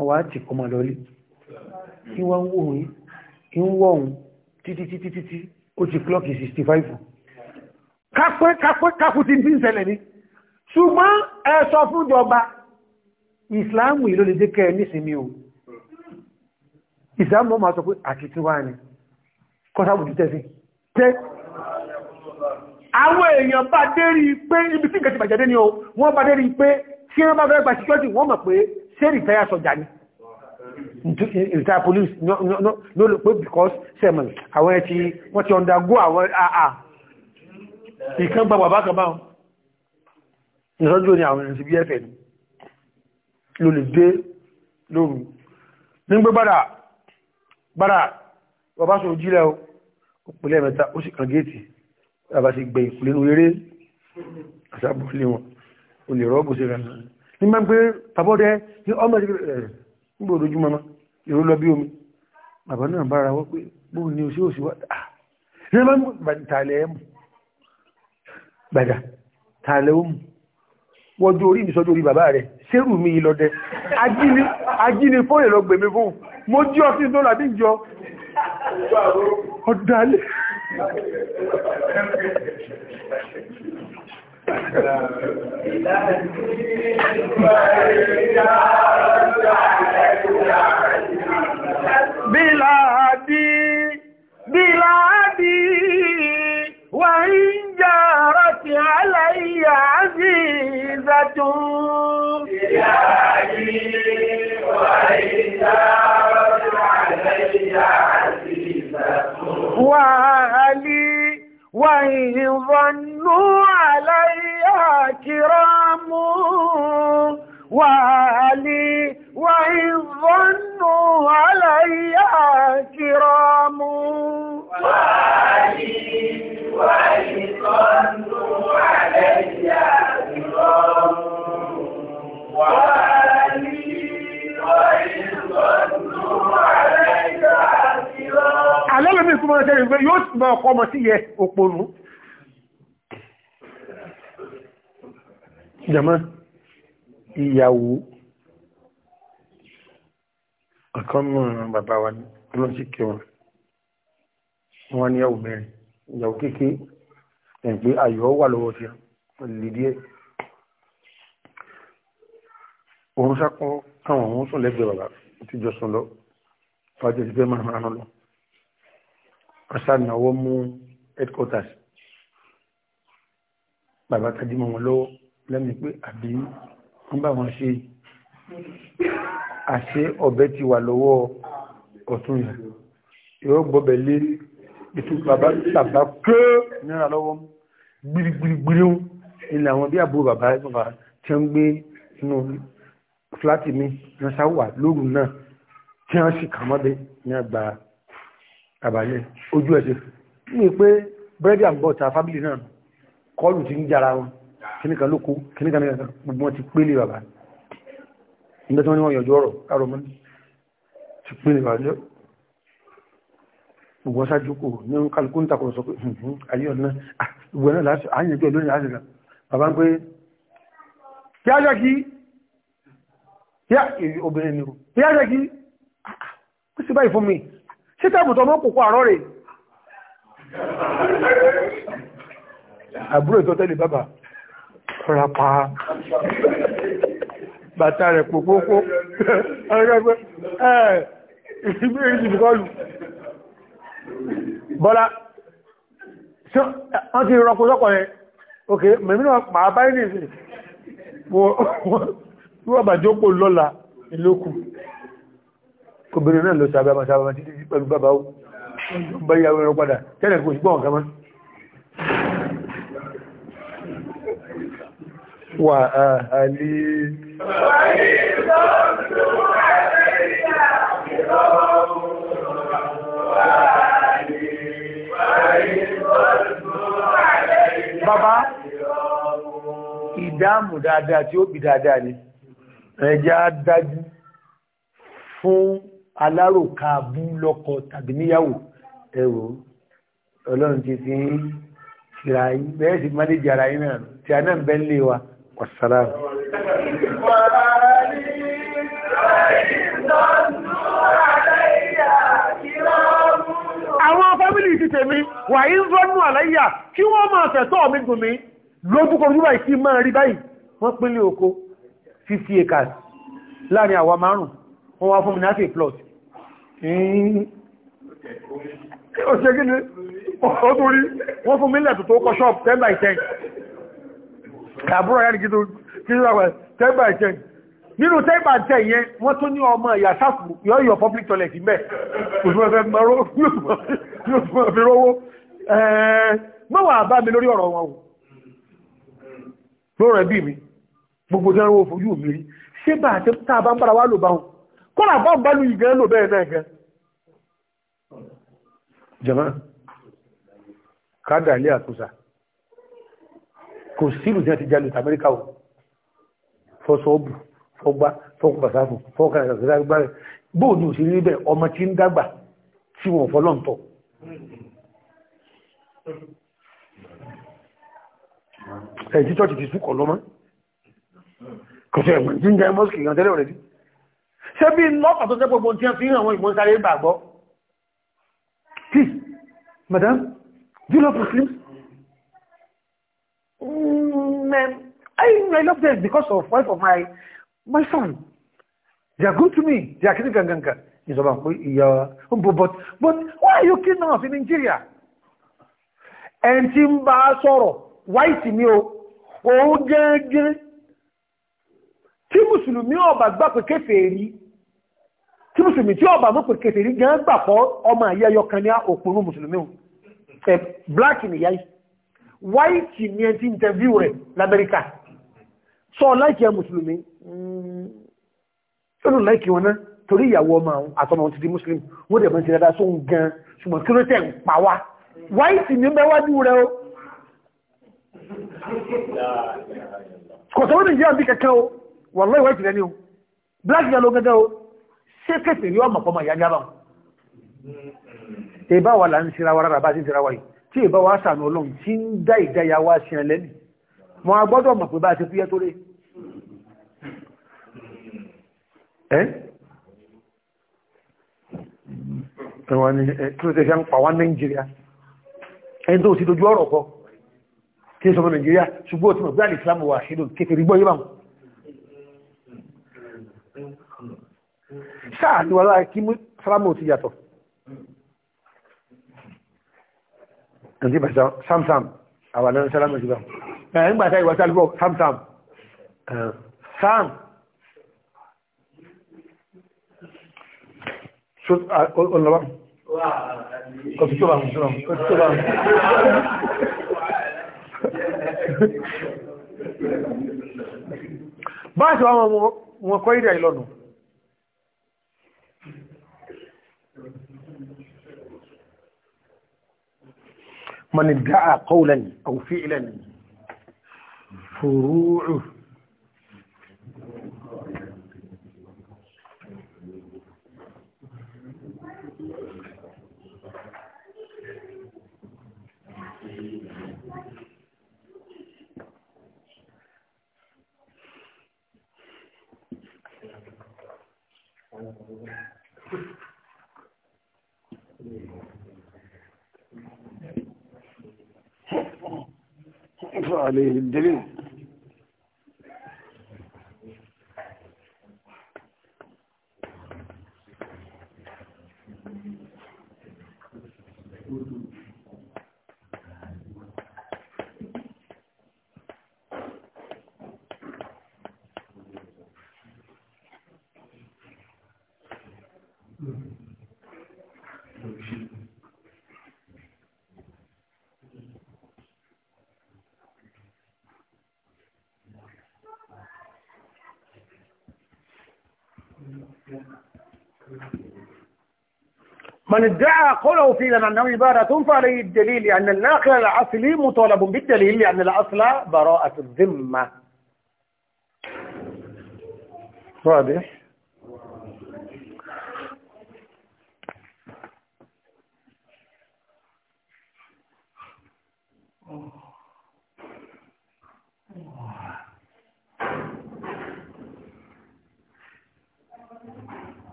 ọwá ti kọmọ lọlé ìwọ̀n wọ́n títí 65 kápẹ́ kápẹ́ kápù ti fi ń ṣẹlẹ̀ ní ṣùgbọ́n ẹ sọ fún ìjọba ìsìláàmù ìlò lè dékẹ́ nísìmí o ìsìláàmù ma sọ pé àkìtí wá ní kọ́sáàbù ti tẹ́sí tẹ́ àwọn èèyàn bá dérí pé ibi tí nǹkan bàjẹ́ ní o wọ́n bá dérí pé tí wọ́n bá fẹ́ gba security wọ́n mọ̀ pé ṣé rìtáyà sọjà ni rìtáyà police no no no no because sẹ́mọ̀n àwọn ẹ̀ ti wọ́n ti undergo àwọn àà ìkan gba bàbá kan báwọn ìsọ́jú ni àwọn ìrìnsì bí ẹ̀fẹ̀ ni ló lè dé lóru ní gbé bára bára bàbá sọ jílẹ̀ òpìlẹ̀ mẹ́ta ó sì kan géètì bàbá sì gbẹ̀ ìpìlẹ̀ nù eré àṣàbọ̀lẹ̀ wọn o lè rọ́gbò sí rẹ̀ ní máa ń pé tàbọ́dẹ́ ní ọmọ ìrìnlẹ̀ ìgbòrò ojúmọ́ ìrò lọ bí omi bàbá náà bára wọ́n pé bóò ah. ní oṣù òṣìwádà gbàgà tààlẹ́ ó mú wọ́jú orí mi sọ́jú orí bàbá rẹ̀ sẹ́rù mi ìlọ́dẹ ajíni fóònù lọ gbèmí fún mo jí ọtí tó làbí jọ ọ̀dàlẹ̀ Bílá وأهلي وإن ظنوا علي كرام وعلي وإن ظنوا علي كرام وعلي وإن ظنوا علي Àlẹ́lẹ́mí súnmọ́ ẹ̀ṣẹ́ ìgbé yóò sì máa kọ́ ọmọ sí yẹ òpòrú. Jàmá, ìyàwó, ọ̀kọ́mọ̀ bàbá wa ní ọlọ́síkẹ́ wọn, wọ́n ní ẹwù mẹ́rin, ìyàwó kéèké, ẹ̀gbé ayọ̀ wà lọ́wọ́ sí ọ òun sákún káwọn òun sùn lẹ́gbẹ̀ẹ́ bàbá ti jọ sùn lọ fàájọ ti fẹ́ máa máa lọ ọ̀sán náwó mú headquarters bàbá tají mọ́ wọn lọ́wọ́ lẹ́mìí pé àbí wọ́n bá wọn ṣe àṣẹ ọ̀bẹ ti wà lọ́wọ́ ọ̀tún yẹn yóò gbọ́bẹ̀ lé ètò bàbá bàbá kó nira lọ́wọ́ gbirigbirigbiri ilẹ̀ àwọn bí àbúrò bàbá tí wọ́n gbé inú fúláàtì mi wọ́n sá wà lóru náà tí wọ́n sì kà mọ́bẹ ní àgbà àbálẹ̀ ojú ẹ̀sẹ̀ ní pé bírẹ́dì and butter fábílì náà kọlù ti ń jára wọn kíníkan ló kó kíníkan nígbà gbogbo wọn ti pélé bàbá nígbà tí wọ́n ní wọ́n yànjú ọ̀rọ̀ kárọ̀ mọ́ ti pélé bàbá gbogbo ṣájú kò ní kálukú ń takọ̀ sọ pé hmm, hmm, ayé ọ̀nà ah, gbogbo náà láti àyànjú ẹ̀ lónìí láti rà bàbá ń pé kí á yá kí yá obìnrin ni o yá jẹ́ ah, ah, kí ó sì báyìí fún mi ṣé tẹ́bù tọ́ mọ́ kòkó àárọ̀ rẹ̀ àbúrò ìtọ́tẹ́lẹ̀ bàbá rapa bàtà rẹ̀ pòpópó ẹgbẹ́gbẹ́ ẹ̀ ìgbé ìjìbìkọlù bọ́lá wọ́n ti rọ́pò lọ́pọ̀ yẹn ok mẹ́mínà pàá báyìí nìsìn bí wọ́n bá jókò lọ́la ìlókù obìnrin náà lọ sàbẹ́ àmà sàbẹ́ títí pẹ̀lú bàbá ó bá yà wẹ́rọ padà tẹ́lẹ̀ kò sí gbọ́n kama wà áhàlì Bàbá, ìdáàmù dáadáa tí ó bí dáadáa ni ẹjẹ́ á dájú fún aláròká abú lọ́kọ tàbí níyàwó ẹ̀rọ ọlọ́run ti fi ṣìra yí bẹ́ẹ̀ sì má lè jàrá yí náà tí a náà ń bẹ́ ń lè wa wàsálà. àwọn fámílì ti tèmi wà ń rọ́nù àláyà kí wọ́n máa fẹ̀tọ́ mi gùn mi lójúkọ̀ọ́jú báyìí kí máa rí báyìí wọ́n pínlẹ̀ oko 50 acres láàrin àwa márùn wọ́n wá fún mi náà plot ó ṣe gíní ó tó rí wọ́n fún mílẹ̀ tó tó shop 10 by 10 àbúrò yá ní kí tó kí tó wà 10 by 10 nínú 10 by 10 yẹn wọ́n tó ní ọmọ ìyà sáfù yọ́ yọ public toilet mẹ́ òṣùwẹ́fẹ́ mọ́wàá bá mi lórí ọ̀rọ̀ wọn ò lóòrẹ̀ bí mi gbogbo jẹ́ owó fojú mi rí ṣé bá àti tá a bá ń bára wá lò bá wọn kọ́nà bá ń bá lu ìgbẹ́ lò bẹ́ẹ̀ náà gan jama kádà ilé àkúsà kò sílù jẹ́ ti jẹ́ lùtà amẹ́ríkà o fọ́sọ́ọ̀bù fọ́gbá fọ́kùnbàsáfù fọ́kànlẹ̀ bóò ní òṣèré níbẹ̀ ọmọ tí ń dàgbà tí wọ́n fọ́lọ́ntọ̀ ẹ̀jí tọ́ọ̀tì ti súkọ̀ lọ́mọ́ kò sí ẹ̀gbọ́n jíjẹ mọ́sùkì gan tẹ́lẹ̀ òrẹ́dí ṣé bí lọ́pàá tó jẹ́ gbogbo tí wọ́n fi hàn wọn ìmọ̀ sáré gbàgbọ́ tí madam do you love Muslims? Mm, I, I love them because of wife of my my son they are good to me they are kiri ganganka ìjọba pé ìyá ọ̀bọ̀ but but why are you kidding us in Nigeria? ẹn tí ń bá sọ̀rọ̀ white mi tí mùsùlùmí ọba gbà pé kèfèrí tí mùsùlùmí tí ọba mọ̀ pé kèfèrí gan gbà pọ̀ ọmọ àyẹyọ kan ní òpònú mùsùlùmí o ẹ black ni yáyí white ni ẹ ti interview rẹ lamẹ́ríkà sọ láìkí ẹ mùsùlùmí hmm. ṣé ló láìkí wọn náà torí ìyàwó ọmọ àwọn àtọmọ wọn ti di muslim wọn dẹ̀ mọ̀ sí dáadáa sóhun gan ṣùgbọ́n kí ló tẹ̀ ń pa wá white ni mẹ́wájú rẹ o kọ̀sọ̀wọ́n nìyí àbí kankan o wọ́n lọ́wọ́ ìtìlẹ̀ ni o black yẹn ló gẹ́gẹ́ o ṣé kẹsì rí ọmọ pọ́mọ ìyá jábà ìbá wa là ń sira wa rárá bá ti sira wa yìí tí ìbá wa sànù ọlọ́run tí ń dá ìdáyà wa sí ẹ lẹ́nu wọn a gbọ́dọ̀ mọ̀ pé bá a ti fúyẹ́ tó rè ẹ́ ẹ̀wọ̀n ni kí ló ti fi ń pa wá nàìjíríà ẹni tó ti dojú ọ̀rọ̀ kọ kí n sọ fún nàìjíríà ṣùgbọ́n ó ti mọ̀ pé àlè islam wà ṣe lò kékeré gbọ́ yìí báwọn sáà ní wàhálà kí mú sálámù ti yàtọ̀ ǹdí bàtà samsam àwọn ẹ̀rọ sálámù ti bá ẹ̀ ń gbàtà ìwà sálúbọ̀ samsam sam ọlọ́wà òtútùbà òtútùbà báyìí wọ́n kọ́ ìdí àìlọ́nà من ادعى قولا أو فعلا فروعه Thank you. aleyhim delil من ادعى قوله في لأنه عبارة فعليه الدليل لأن يعني الناقل الأصلي مطالب بالدليل لأن يعني الأصل براءة الذمة واضح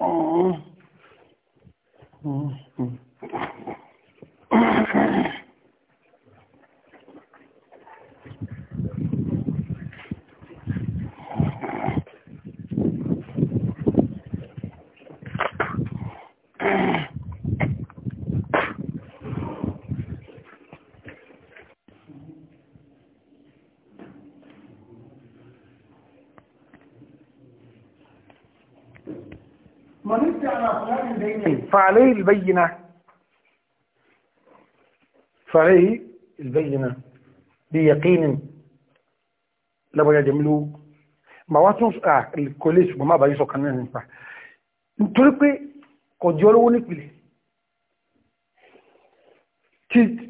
哦，哦。فعليه البينة فعليه البينة بيقين لابد يجملوا ما واتنس اه الكوليس وما بقى يسوق كان نفع nítorí pé kọjú ọlọ́wọ́ nípìlẹ̀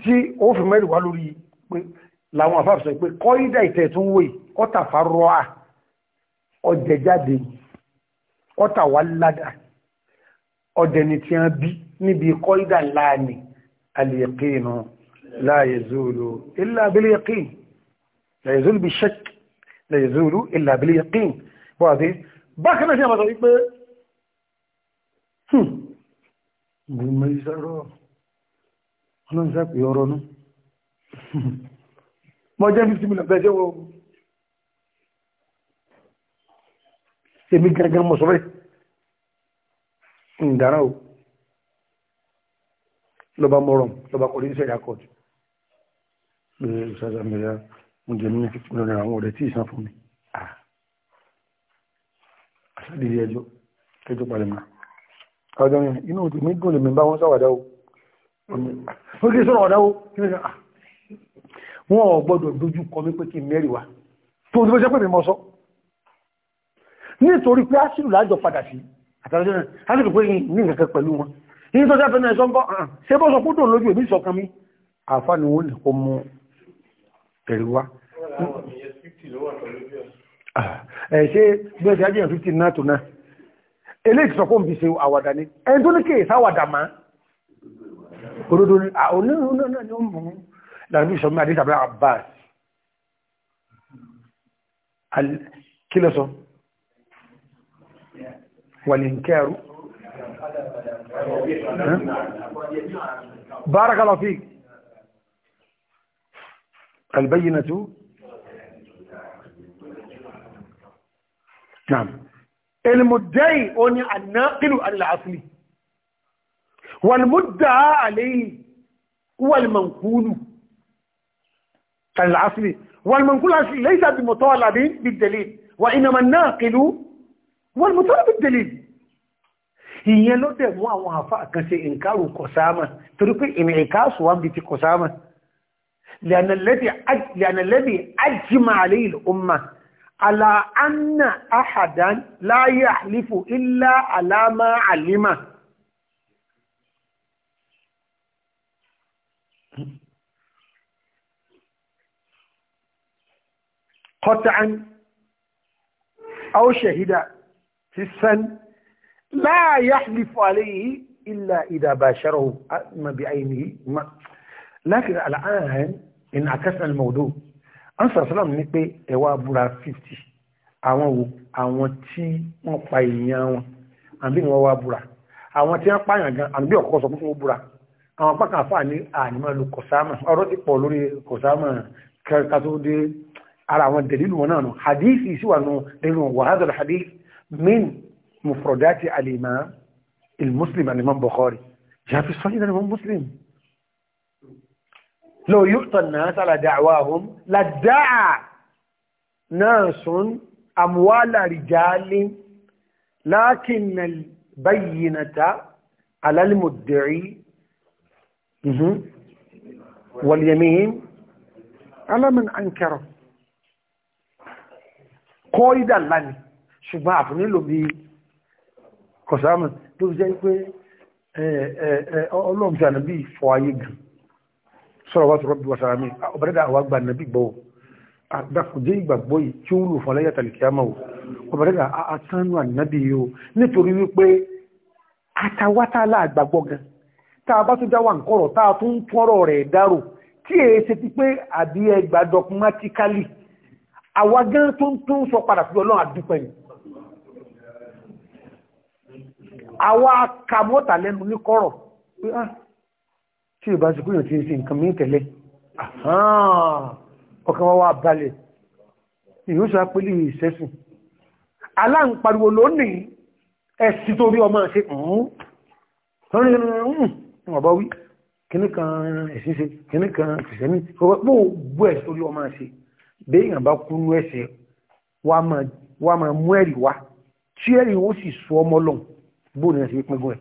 tí ó fi mẹ́rin wá lórí pé láwọn àfáàfisọ pé kọ́ ìdá ìtẹ̀ tún wòye ọ̀tà farọ́à ọ̀jẹ̀jáde ọ̀tà wà ládàá ọdẹni tí a bí níbi kọ́ídà láàní alìyàkínú láyezúlù ìlàbílẹ̀yàkín láyezúlù bí ṣẹ́k láyezúlù ìlàbílẹ̀yàkín bọ́wàdé bákanáà sí àmàtà wípé gbùmọ̀ hmm, ìsọ́rọ̀ ọlọ́nsàpì ọ̀rọ̀ nú mọ́ jẹ́ bí símìlà bẹ́ẹ̀ jẹ́ wọ́n ìdára o lọ́ba mọ́rọ̀m lọ́ba kọ̀rí ní sẹ́yà kọ́ọ̀tù pé ìsáza mẹ́ra mo jẹ ní fífún lọ́rẹ̀ àwọn ọ̀rẹ́ tí ìsan fún mi àṣàdìrí ẹjọ́ ẹjọ́ palẹ̀ mọ́ ọjọ́ yẹn inú òtù mi gùn lè mi bá wọn sáwàdá o ó kí sọ̀rọ̀ ọ̀dá o kí wọ́n ò gbọ́dọ̀ dojú kọ mi pé kí mẹ́rin wa tó ń tó fẹ́ sẹ́pẹ̀ mi mọ́ sọ nítorí pé á sílù lájọ padà sí àtàlọ́jọ́ náà a lè pé ní nǹkan pẹ̀lú wọn ní tó jáfẹ́ náà sọ́nkọ́ ṣe bọ́ sọ kúndùn lójú èmi sọ̀kan mi àfa ni wọ́n nìkan mú ẹ̀rí wá. ẹ ṣe bí ẹ ṣe ajé fifteen náà tó náà eléyìí sọ fún mi ṣe àwàdà ni ẹni tó ní kéè sáwàdà máa òdodo ni àwọn náà ni ó mú làbí sọ mi àdéhàbẹ́ Abbas kí lọ sọ. والإنكار بارك الله فيك البينة نعم المدعي أن الناقل عن العصل والمدعى عليه هو المنقول عن العصل والمنقول ليس بمطالب بالدليل وإنما الناقل wọ́n mú tọ́lá bí délé ìyẹn ló dẹ̀ mú àwọn àfa àkànṣe ìǹkàrù kọ̀sáàmà torí pé ìmì ìkàṣù wa ń bi ti kọ̀sáàmà lẹ́nàlẹ́bì ajímà àlẹ́ ìlú ọmọ على أن أحدا لا يحلف إلا على ما علم قطعا أو شهيدا sísan la yahlifu alayhi illa idha basharahu bi'aynihi lakin al'an in'akasa al-mawdu' ansa salam ní pé ẹwà búra 50 àwọn wo àwọn tí wọ́n pa èèyàn wọn àbí wọ́n wá búra àwọn tí wọ́n pààyàn gan àbí ọ̀kọ́ sọ fún búra àwọn apá kan fà ní ànímọ́ lu kọ̀sámà ọ̀rọ̀ ti pọ̀ lórí kọ̀sámà kẹta tó dé ara àwọn dẹ̀lílù wọn náà nù hadith sí nù nínú wàhálà hadith من مفردات الإمام المسلم الإمام بخاري جاء في الصحيح الإمام مسلم لو يعطى الناس على دعواهم لادعى ناس أموال رجال لكن البينة على المدعي واليمين على من أنكره قيد الله ṣùgbọ́n àfúnílò bí kọ̀sáàmù tó fi jẹ́ pé ọlọ́run fi ànàbí fọ ayé gan sọ́rọ̀ wá sọ́rọ̀ bí wọ́n sára mi ọ̀bẹ̀rẹ̀dà àwọn àgbà ànàbí gbọ́ àdàkùdé ìgbàgbọ́ yìí tí ó wúlò fún aláyà tàlìkíámà o ọ̀bẹ̀rẹ̀dà àtánú ànàbí yìí o nítorí wípé àtàwátà láàgbàgbọ́ gan tá a bá tún dáwà nkọ̀rọ̀ tá a tún tọ́rọ̀ rẹ̀ dárò tí èé ṣe ti pé àbí ẹgbàá dọkumátíkálì àwa gan tó ń tún sọ padà sí ọlọ́run àdúpẹ́ yìí àwa ka mọ́ta lẹ́nu ní kọ́rọ̀ pé á ah, tí ìbá sí kúrò tí ń sí nǹkan mìí tẹ̀lé ọkàn wọ́n wá balẹ̀ ìyó sọ pẹ́lú ìṣẹ́sìn aláǹpariwo lónìí ẹ̀sì tó rí ọmọ ṣe ọ̀bọ̀ wí kìníkan ẹ̀sìnṣe kìníkan kìsẹ̀mí gbogbo ẹ̀sì tó rí ọmọ ṣe béèyàn bá kú nú ẹ̀sẹ̀ wá máa mú ẹ̀rí wá tí ẹ̀rí ó sì sọ ọmọ lọ́hùn bóòlù yẹn ṣe pín gún ẹ̀.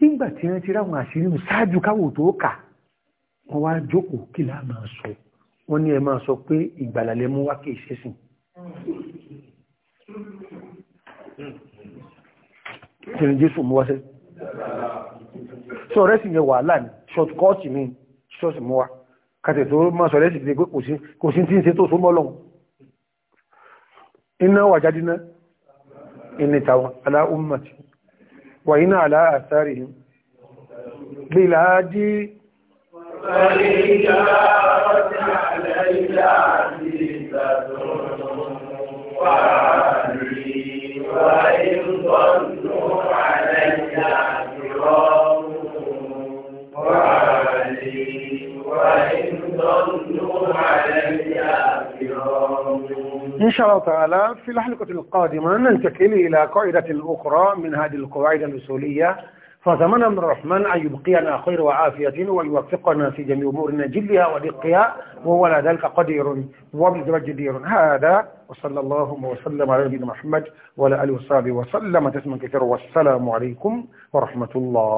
nígbà tí wọ́n ti ráwọn àṣírí mu ṣáájú káwò tó kà wọ́n wá jókòó kí láà máa sọ wọ́n ní ẹ máa sọ pé ìgbàlálẹ̀ mú wá kì í ṣẹ́sìn. kìrì jésù mú wáṣẹ́ sọ rẹ́sì yẹn wàhálà ní ṣọ́tkọ́ọ̀tì ní ṣọ́ọ̀tì mú wá kàtẹ̀ tó máa sọ rẹ́sì pé إنا وجدنا إني على أمتي وإنا على آثارهم بلادي بالهادي فإجارت علينا عزيزة وعلي وإن ظنوا علينا عزيزة وعلي إن شاء الله تعالى في الحلقة القادمة ننتقل إلى قاعدة أخرى من هذه القواعد الأصولية فزمنا من الرحمن أن يبقينا خير وعافية ويوفقنا في جميع أمورنا جلها ودقها وهو على ذلك قدير جدير هذا وصلى الله وسلم على نبينا محمد وعلى آله وصحبه وسلم تسليما كثيرا والسلام عليكم ورحمة الله